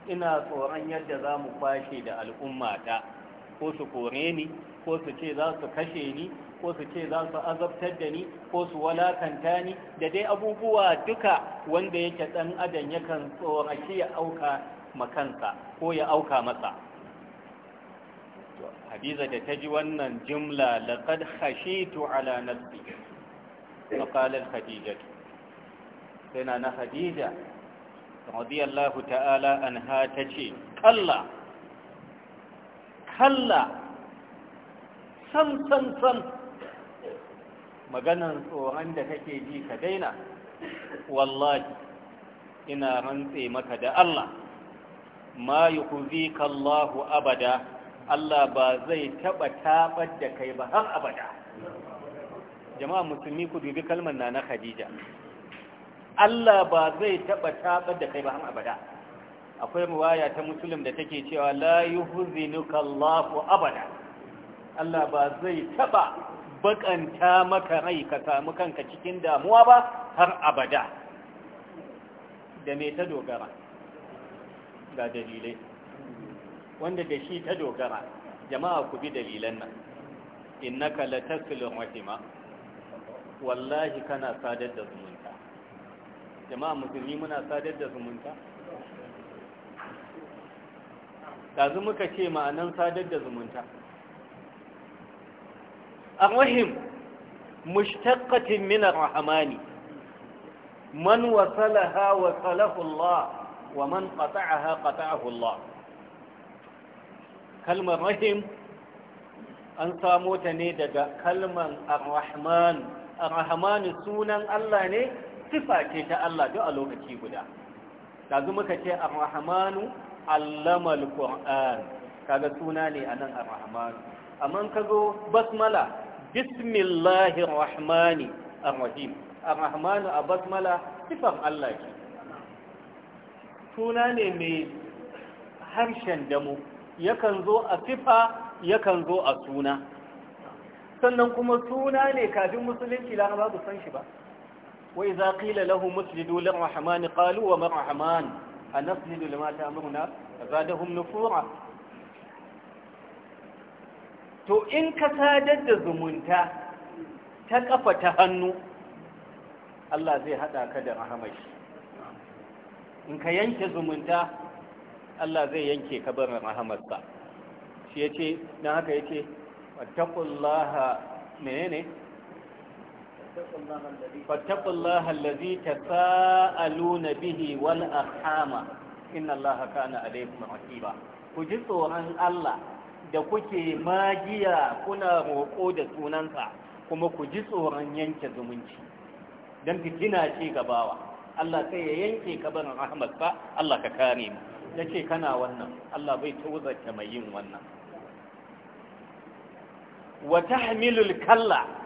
ina tsoron yadda za mu kwashe da al'umma ta ko su kore ni ko su ce za su kashe ni ko su ce za su azabtar da ni ko su walakanta ni da dai abubuwa duka wanda yake dan adam yakan tsoraci ya auka makansa ko ya auka masa hadiza da ta ji wannan jimla laqad khashitu ala nafsi faqalat khadija sai na khadija radiyallahu ta'ala anha tace Allah kalla sam sam sam maganar tsoron da kake ji ka daina wallahi ina rantse maka da Allah ma yukhzika Allahu abada Allah ba zai taba tabar da kai ba har abada jama'a musulmi ku dubi kalmar nana Khadija Allah ba zai taba tabar da kai ba har abada akwai riwaya ta musulun da take cewa la yuhzinuka lafu abada Allah ba zai taba bakanta maka rai ka samu kanka cikin damuwa ba har abada da me ta dogara ga dalilai wanda da shi ta dogara jama'a ku bi dalilan nan innaka lataslu rahima wallahi kana sadar da zumunta jama'a musulmi muna sadar da zumunta ɗazu muka ce ma'anan sadar da zumunta arwahim mushtaqatin min rahmani man wasalaha wasalahu Allah wa man qata'aha qata'ahu Allah kalmar rahim an samo ta ne daga kalmar arrahman arrahman sunan Allah ne sifa ce ta Allah duk a lokaci guda ɗazu muka ce arrahmanu allama alquran kaga suna ne anan arrahman amma kago basmala bismillahir rahmani Ar-Rahmanu a basmala sifan Allah ce suna ne mai harshen damu yakan zo a sifa yakan zo a suna sannan kuma suna ne kafin musulunci laraba su san shi ba wai za qila lahu muslidu lirrahmani Ƙalu wa marrahman a naslilu lima ta amurna zadahum nufura to in ka sadar da zumunta ta kafa ta hannu Allah zai hada ka da rahamashi in ka yanke zumunta Allah zai yanke ka barin rahamarsa shi yace na haka yace wattaqullaha menene فاتقوا الله الذي تساءلون به والأرحام إن الله كان عليكم رقيبا كجزء عن الله da kuke magiya kuna roƙo da sunansa kuma ku ji tsoron yanke zumunci don kina ce gabawa Allah sai ya yanke kabarin rahmat ba Allah ka kare mu ce kana wannan Allah bai tozarta mai yin wannan wa tahmilul kalla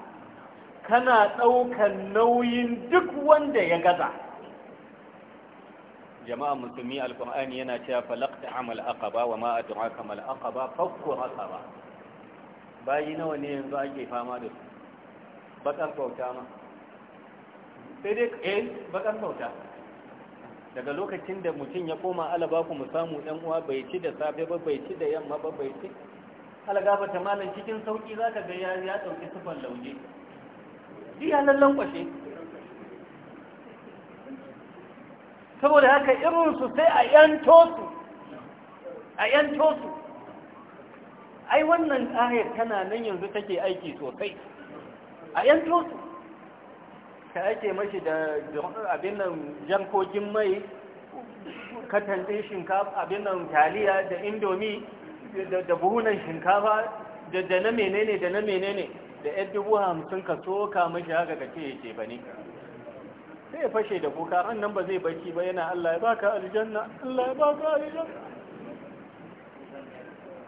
kana ɗaukan nauyin duk wanda ya gaza jama'a musulmi alkur'ani yana cewa falaqta amal aqaba wa ma adraka mal aqaba fakku aqaba bayi nawa ne yanzu ake fama da su bakar bauta ma sai dai eh bakar bauta daga lokacin da mutum ya koma alaba ku mu samu ɗan uwa bai ci da safe ba bai ci da yamma ba bai ci ba ta malam cikin sauki zaka ga ya ya dauki sufan lauje lallan kwashe saboda haka irinsu sai a yanto su a yanto su ai wannan ayar tana nan yanzu take aiki sosai a yanto su ka ake mashi da abin nan jankokin mai katan shinkafa abin nan taliya da indomi da buhunan shinkafa da na menene da na menene da yan dubu hamsin ka soka mashi haka ka ce yake ba ne sai ya fashe da kuka an nan ba zai barci ba yana Allah ya baka aljanna Allah ya baka aljanna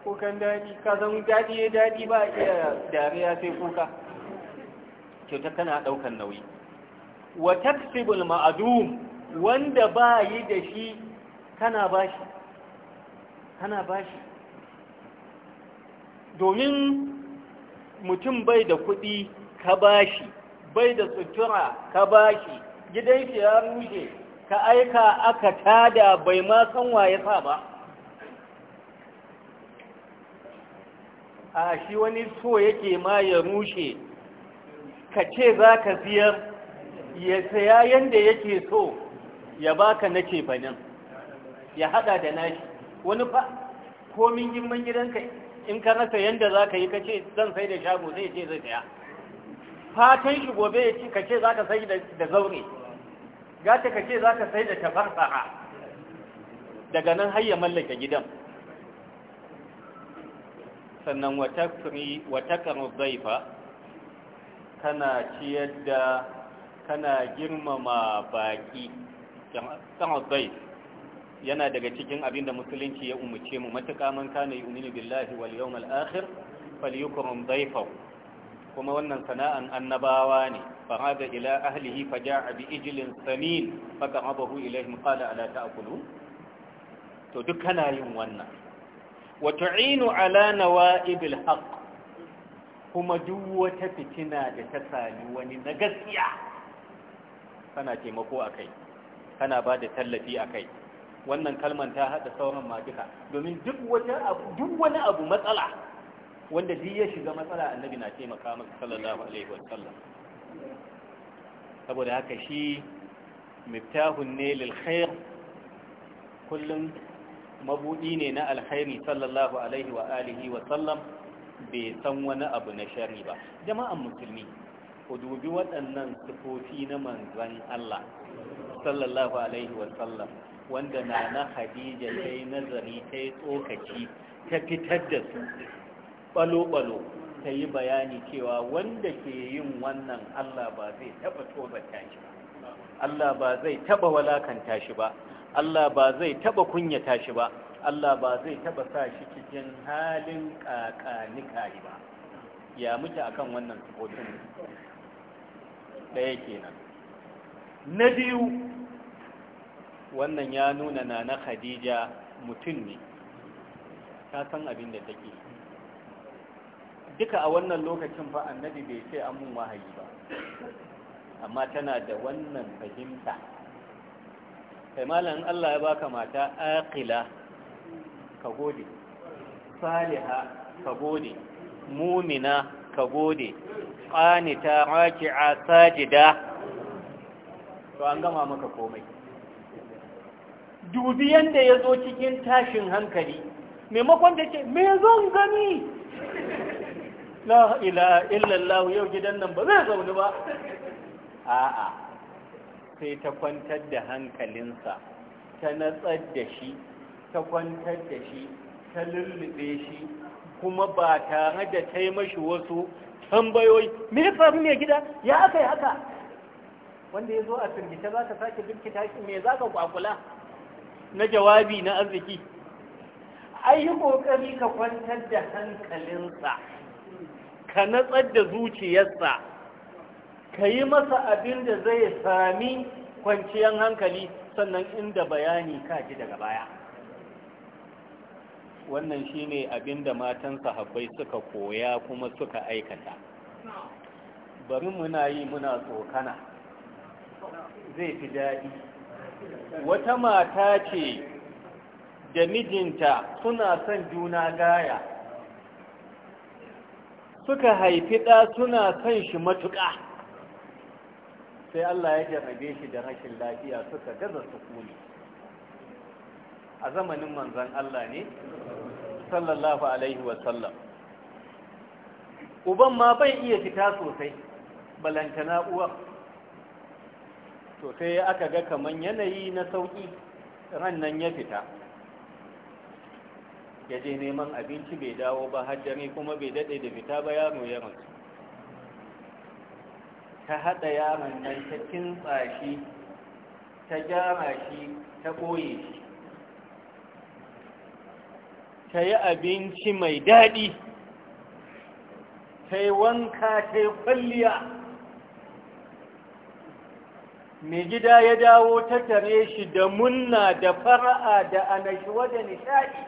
kukan daɗi ka zan daɗi ya daɗi ba iya dariya sai kuka kyauta tana ɗaukan nauyi wa taksibul ma'adum wanda ba yi da shi kana bashi kana bashi domin mutum bai da kuɗi ka bashi bai da sutura ka bashi gidan shi ya rushe ka aika aka tada bai ma san waye sa ba a shi wani so yake ma ya rushe ka ce za ka siyar ya saya yadda yake so ya baka na banin. ya hada da nashi wani fa komin gidan gidanka in ka rasa yadda za ka yi ka ce zan sai da shago zai ce zai saya fatan shi gobe ya ce ka ce za ka sai da zaune gata ka ce za ka sai da tafarsaha daga nan har mallaka gidan sannan wata kanu zaifa kana ciyar da kana girmama baki kanu zaifa yana daga cikin abin da musulunci ya umarci mu matuƙa man kana yu'minu billahi wal yawmal akhir kuma wannan sana'an annabawa ne fa hada ila ahlihi fa ja'a bi ijlin samin fa qamabahu ilayhim qala ala ta'kulu to duk kana yin wannan wa tu'inu ala nawa'ibil haqq kuma duk wata fitina da ta sami wani na gaskiya kana taimako akai kana ba da tallafi akai wannan kalman ta haɗa sauran ma domin duk wani abu matsala wanda duk ya shiga matsala annabi na taimaka maka sallallahu alaihi wasallam saboda haka shi miftahun ne lil khair kullum mabudi ne na alkhairi sallallahu alaihi wa alihi wa sallam bai san wani abu na shari ba jama'an musulmi ku dubi waɗannan sifofi na manzon Allah sallallahu alaihi wa sallam wanda na na hadija ta yi nazari ta yi tsokaci ta fitar da su balo-balo ta yi bayani cewa wanda ke yin wannan allah ba zai taba tozarta shi ba allah ba zai taba walakanta shi ba allah ba zai taba kunyata shi ba allah ba zai taba sa shi cikin halin kakanikari ba ya muke akan wannan da ɗaya nan. na biyu wannan ya nuna na na khadija mutum ne ta san abin da take duka a wannan lokacin fa annabi bai ce an mun wahayi ba amma tana da wannan fahimta kai malam Allah ya baka mata aqila ka gode saliha ka gode mumina ka gode qanita raki'a sajida to an gama maka komai dubi yadda ya zo cikin tashin hankali maimakon da ce me zan gani la ila illallah yau gidan nan ba zai zaune ba a'a sai ta kwantar da hankalinsa ta natsar da shi ta kwantar da shi ta lullube shi kuma ba tare da ta yi mashi wasu tambayoyi me ya faru mai gida ya aka yi haka wanda ya zo a firgita za ka sake birkita shi me za ka kwakula na jawabi na arziki ayi yi ƙoƙari ka kwantar da hankalinsa ka natsar da zuciyarsa ka yi masa abin da zai sami kwanciyar hankali sannan inda bayani ka ji daga baya wannan shine abin da matan sahabbai suka koya kuma suka aikata bari muna yi muna tsokana zai fi daɗi wata mata ce da mijinta suna son juna gaya suka haifi ɗa suna son shi matuƙa sai Allah ya jarrabe shi da rashin lafiya suka gaza sukuni a zamanin manzan Allah ne sallallahu alaihi wasallam uban ma bai iya fita sosai balantana uwar to sai aka ga kaman yanayi na sauƙi rannan ya fita ya je neman abinci bai dawo ba hajjami kuma bai daɗe da fita ba yaro ya ta haɗa yaron nan ta kintsa shi ta gyara shi ta ɓoye shi ta yi abinci mai daɗi ta wanka ta kwalliya mai gida ya dawo ta tare shi da munna da fara'a da anashuwa da nishaɗi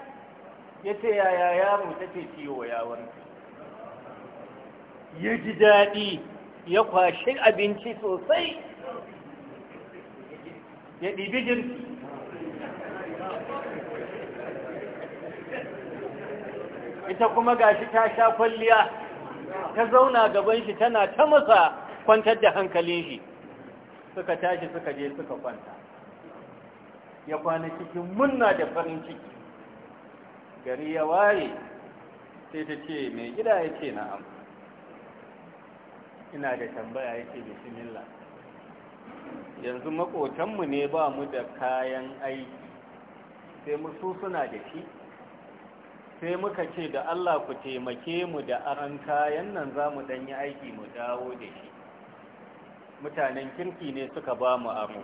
ya ce yaya yaro ta ce ciwo yawarta ya ji daɗi ya kwashi abinci sosai ya ɗibi girki ita kuma gashi ta sha kwalliya ta zauna gaban shi tana ta masa kwantar da hankalin shi suka tashi suka je suka kwanta ya kwana cikin munna da farin ciki gari ya waye sai ta ce mai gida ya ce ina da tambaya ya ce bismillah yanzu makotanmu ne ba mu da kayan aiki sai musu suna da shi sai muka ce da Allah ku taimake mu da aran kayan nan za mu danyi aiki mu dawo da shi mutanen kirki ne suka ba mu amu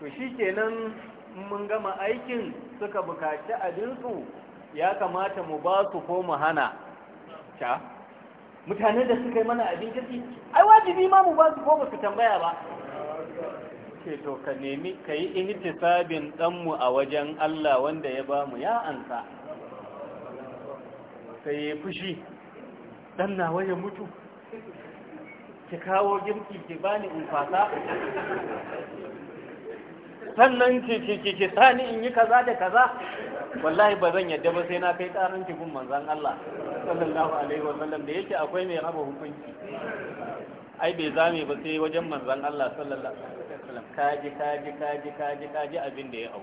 to shi kenan mun gama aikin suka bukaci abinsu ya kamata mu ba su ko mu hana ta mutane da suka yi mana abin kirki ai wajibi ma mu ba su ko ba su tambaya ba Ke to ka nemi ka yi ɗanmu a wajen Allah wanda ya ba mu ya ansa sai ya fushi ɗan nawa ya mutu ki kawo girki ki bani in fasa sannan ki ki ki sani in yi kaza da kaza wallahi ba zan yadda ba sai na kai karin gun manzan Allah sallallahu alaihi wasallam da yake akwai mai raba hukunci ai bai zame ba sai wajen manzan Allah sallallahu alaihi wasallam kaji kaji kaji kaji kaji abin da ya hau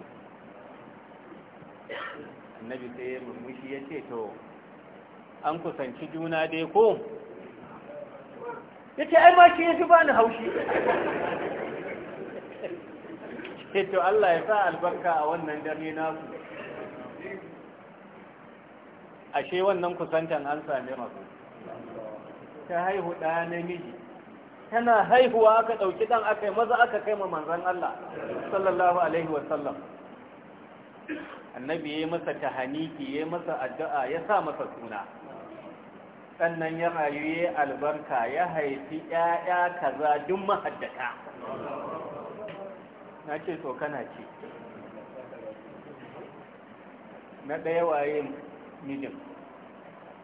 annabi sai murmushi ya ce to an kusanci juna dai ko ya ce ai ma shi ya fi bani haushi ke eh, to Allah ya sa albarka a wannan dare nasu ashe wannan kusantan an same masu ta haihu ɗaya namiji tana haihuwa aka ɗauki ɗan aka yi maza aka kai ma manzan Allah sallallahu alaihi wasallam annabi ya yi masa tahaniki ya yi masa addu'a ya sa masa suna sannan ya rayu ya albarka ya haifi ‘ya'ya kaza duk mahaddata na ce to kana ce na ɗaya waye mijin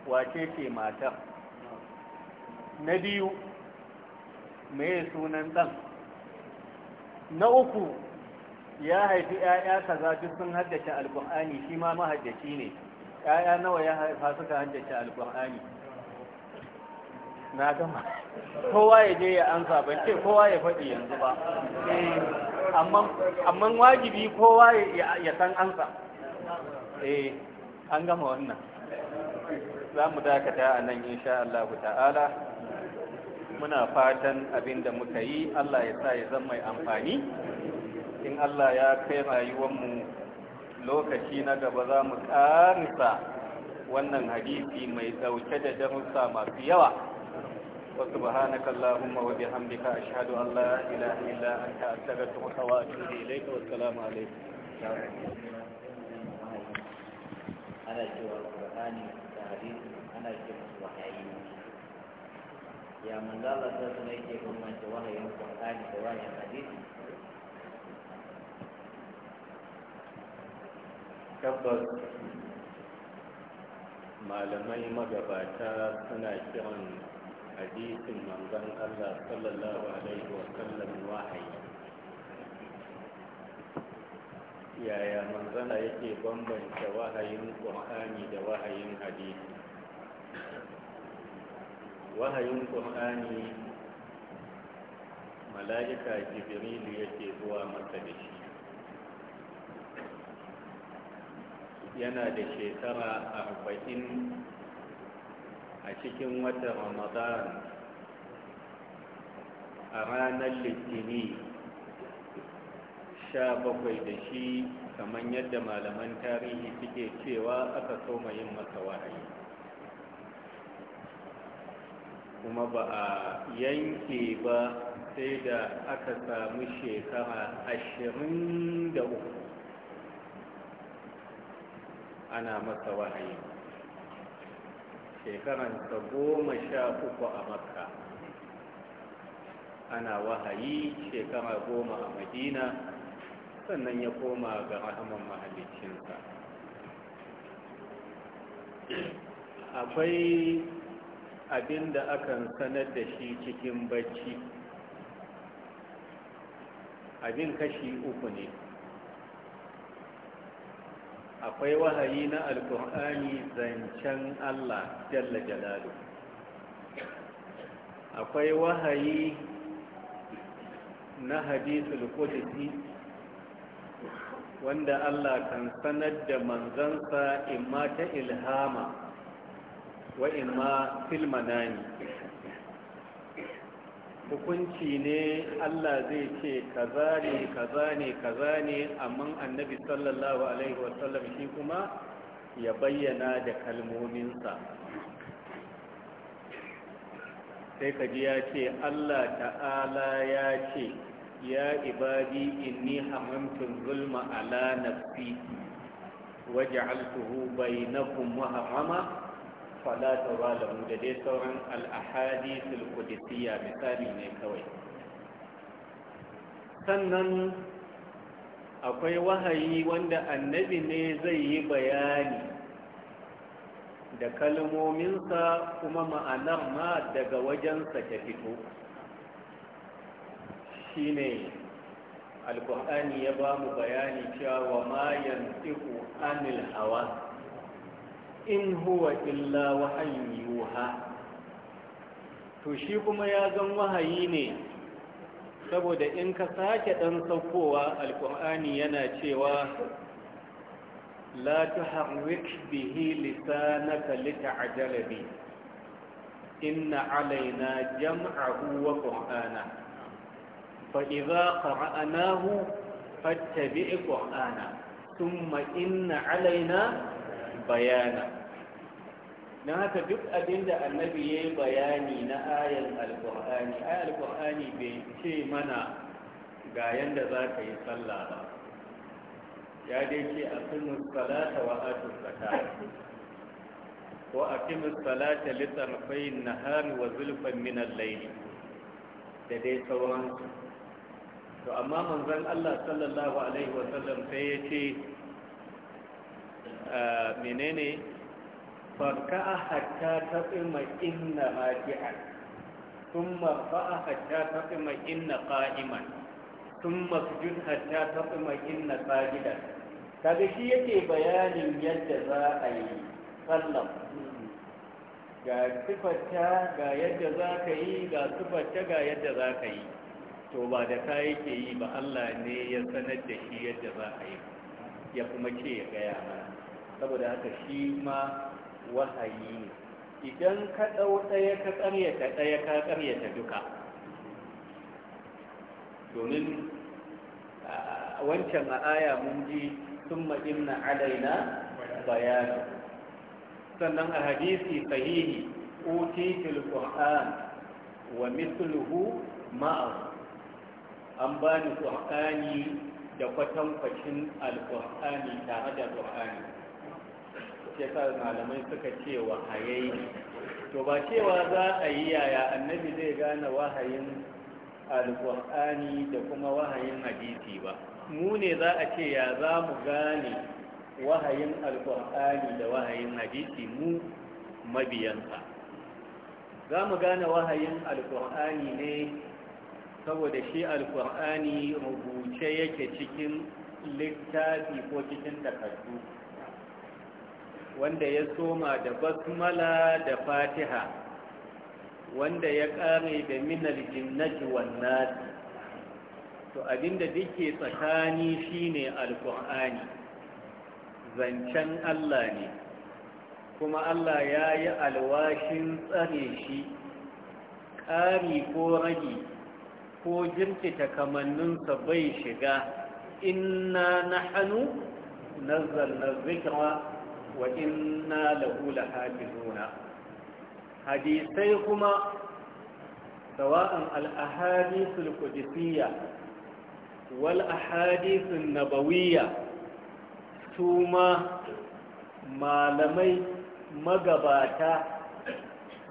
wace ce matar na biyu mai sunan ɗan na uku ya haifi ‘ya'ya kaza duk sun haddace alƙur'ani shi ma mahaddaci ne ‘ya'ya nawa ya haifa suka haddace alƙur'ani na gama kowa ya je ya ansa ban ce kowa ya faɗi yanzu ba eh, amma wajibi kowa ya san ansa eh an gama wannan za mu dakata a nan insha Allah ta'ala muna fatan abin da muka yi Allah ya sa ya zama mai amfani in Allah ya kai rayuwar mu lokaci na gaba za mu karisa wannan hadisi mai dauke da darussa masu yawa وسبحانك اللهم وبحمدك أشهد أن لا إله إلا أنت أستغفرك وأتوب إليك والسلام عليك أنا جوا القرآن الحديث أنا جوا الوحيين يا من لا لا تسمعك من جوا القرآن جوا الحديث ما malamai magabata suna kiran hadisin manzon Allah sallallahu alaihi wa sallam wahayi yaya manzana yake bambanta wahayin ƙur'ani da wahayin hadisi wahayin ƙur'ani mala'ika jibrilu yake zuwa masa da shi yana da shekara arba'in a cikin watan ramadan a ranar litini sha bakwai da shi kamar yadda malaman tarihi suke cewa aka soma yin masa wahayi kuma ba a yanke ba sai da aka samu shekara ashirin da uku ana masa wahayi ta goma sha uku a makka ana wahayi shekara goma a madina sannan ya koma ga rahaman mahalicinsa akwai abin da akan sanar da shi cikin bacci abin kashi uku ne akwai wahayi na alkur'ani zancen Allah jalla jalalu akwai wahayi na hadisul qudsi wanda Allah kan sanar da manzansa imma ta ilhama wa imma fil manani hukunci ne Allah zai ce kaza ne kaza ne kaza ne amma annabi sallallahu alaihi wasallam shi kuma ya bayyana da kalmominsa sai ka ji ya ce Allah ta'ala ya ce ya ibadi inni hamamtun zulma ala nafsi waj'altuhu bainakum muharrama fala tawalamu da dai sauran al'ahadisul misali ne kawai sannan akwai wahayi wanda annabi ne zai yi bayani da kalmominsa kuma ma'anar ma daga wajensa ta fito shi ne alkur'ani ya ba mu bayani cewa wa ma yantiku anil hawa in huwa illa wahayin yuha to shi kuma ya zan wahayi ne saboda in ka sake ɗan saukowa alƙur'ani yana cewa la tuharrik bihi lisanaka lita'jala bi inna alaina jam'ahu wa qur'ana fa idza qara'nahu fattabi' qur'ana thumma inna alaina bayana Na haka duk abin da annabi ya yi bayani na ayar alkur'ani ayar alkur'ani bai ce mana ga yadda za ka yi sallah ba ya dai ce a sunan salata wa atun ko a kimin salata na nahari wa zulfan minan laili da dai sauransu to amma manzon allah sallallahu alaihi wasallam sai ya ce menene farka a hatta ta tsima inna rafi'an sun marfa a hatta ta tsima inna ƙa'iman sun masjid hatta ta tsima inna ƙa'idan. kaga shi yake bayanin yadda za a yi sallam ga sifarta ga yadda za ka yi ga sifarta ga yadda za ka yi to ba da ka yake yi ba Allah ne ya sanar da shi yadda za a yi ya kuma ce ya gaya mana saboda haka shi ma wahayi ne idan ka ɗau ɗaya ka ƙaryata ɗaya ka ƙaryata duka domin wancan a aya mun ji sun ma'imna alaina bayanu sannan a hadisi sahihi fil qur'an wa mithluhu ma'a an bani qur'ani da kwatankwacin alqur'ani tare da qur'ani ke sa malamai suka ce wahayai to ba cewa za a yi yaya annabi zai gane wahayin alƙur'ani da kuma wahayin hadisi ba mu ne za a ce ya za mu gane wahayin alƙur'ani da wahayin hadisi mu mabiyansa za mu gane wahayin alƙur'ani ne saboda shi alƙur'ani rubuce yake cikin littafi ko cikin takardu wanda ya soma da basmala da fatiha wanda ya kare da minal jinnati wannan, to abinda dake tsakani shine alqur'ani zancen Allah ne kuma Allah ya yi alwashin tsare shi ƙari ko ragi ko jirkita kamanninsa bai shiga inna nazar na zikra wa inna lahu lahafizuna hadisai kuma sawa'an al-ahadithul qudusiyya wal ahadithun nabawiyya suma malamai magabata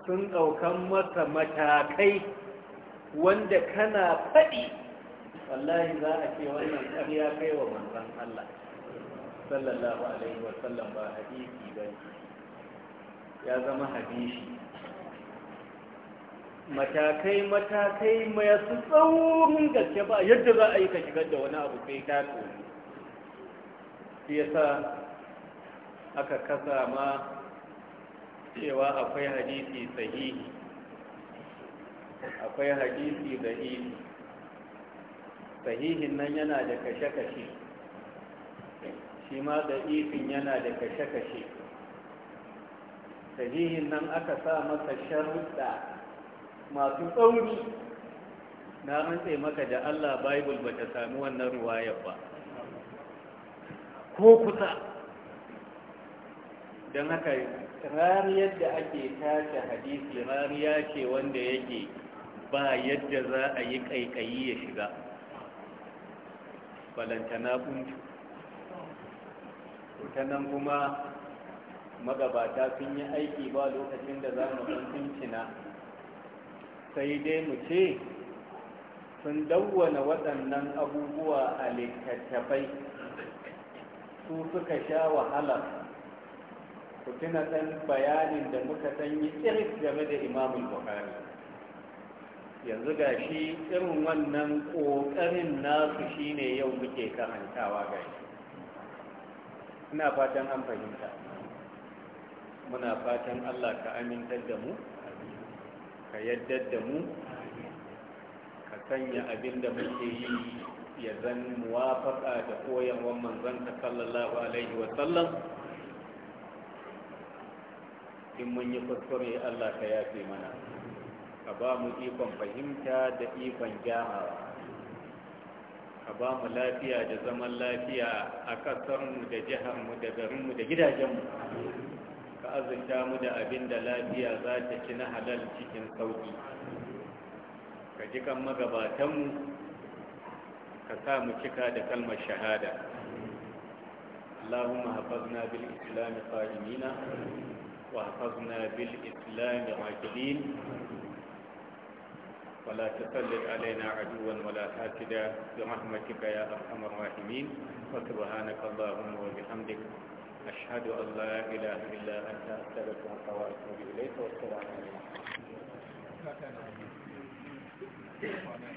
sun ɗaukan masa matakai wanda kana faɗi wallahi za a ce wannan ƙarya kaiwa manzon Allah sallallahu alaihi wa sallam ba hadisi ba ya zama hadisi matakai matakai masu tsawon gaske ba yadda za a yi ka shigar da wani abu sai ka tsoro shi yasa aka kasa ma cewa akwai hadisi sahihi akwai hadisi da sahihin nan yana da kashe-kashe shi ma da ifin yana da kashe-kashe sahihin nan aka sa masa sharuɗa masu tsauri na rantse maka da Allah Bible ba ta sami wannan ruwayar ba ko kusa don haka rariyar da ake tace hadisi rariya ce wanda yake ba yadda za a yi ƙaiƙayi ya shiga balantana ƙuntu ta nan kuma magabata sun yi aiki ba lokacin da za mu tuncina sai dai mu ce sun dawwana waɗannan abubuwa a littattafai su suka sha wahala ku tuna ɗan bayanin da muka sanyi irin game da imamun buhari yanzu ga shi irin wannan ƙoƙarin nasu shine yau muke karantawa gashi ina fatan an fahimta muna fatan Allah ka amintar da mu ka yaddar da mu ka sanya abin da muke yi ya zan muwafaka da koyarwar ta sallallahu alaihi wasallam in mun yi kuskure Allah ka yafe mana ka ba mu ikon fahimta da ikon gyarawa ka ba mu lafiya da zaman lafiya a ƙasarmu da jiharmu da garinmu da gidajenmu ka azurta mu da abin da lafiya za ta ci na halal cikin sauki ka ji kan magabatanmu ka sa mu cika da kalmar shahada اللهم حفظنا بالإسلام قائمين وحفظنا بالإسلام عاجلين ولا تسلط علينا عدوا ولا حاسدا برحمتك يا أرحم الراحمين وسبحانك اللهم وبحمدك أشهد أن لا إله إلا أنت أستغفرك وأتوب إليك والسلام عليكم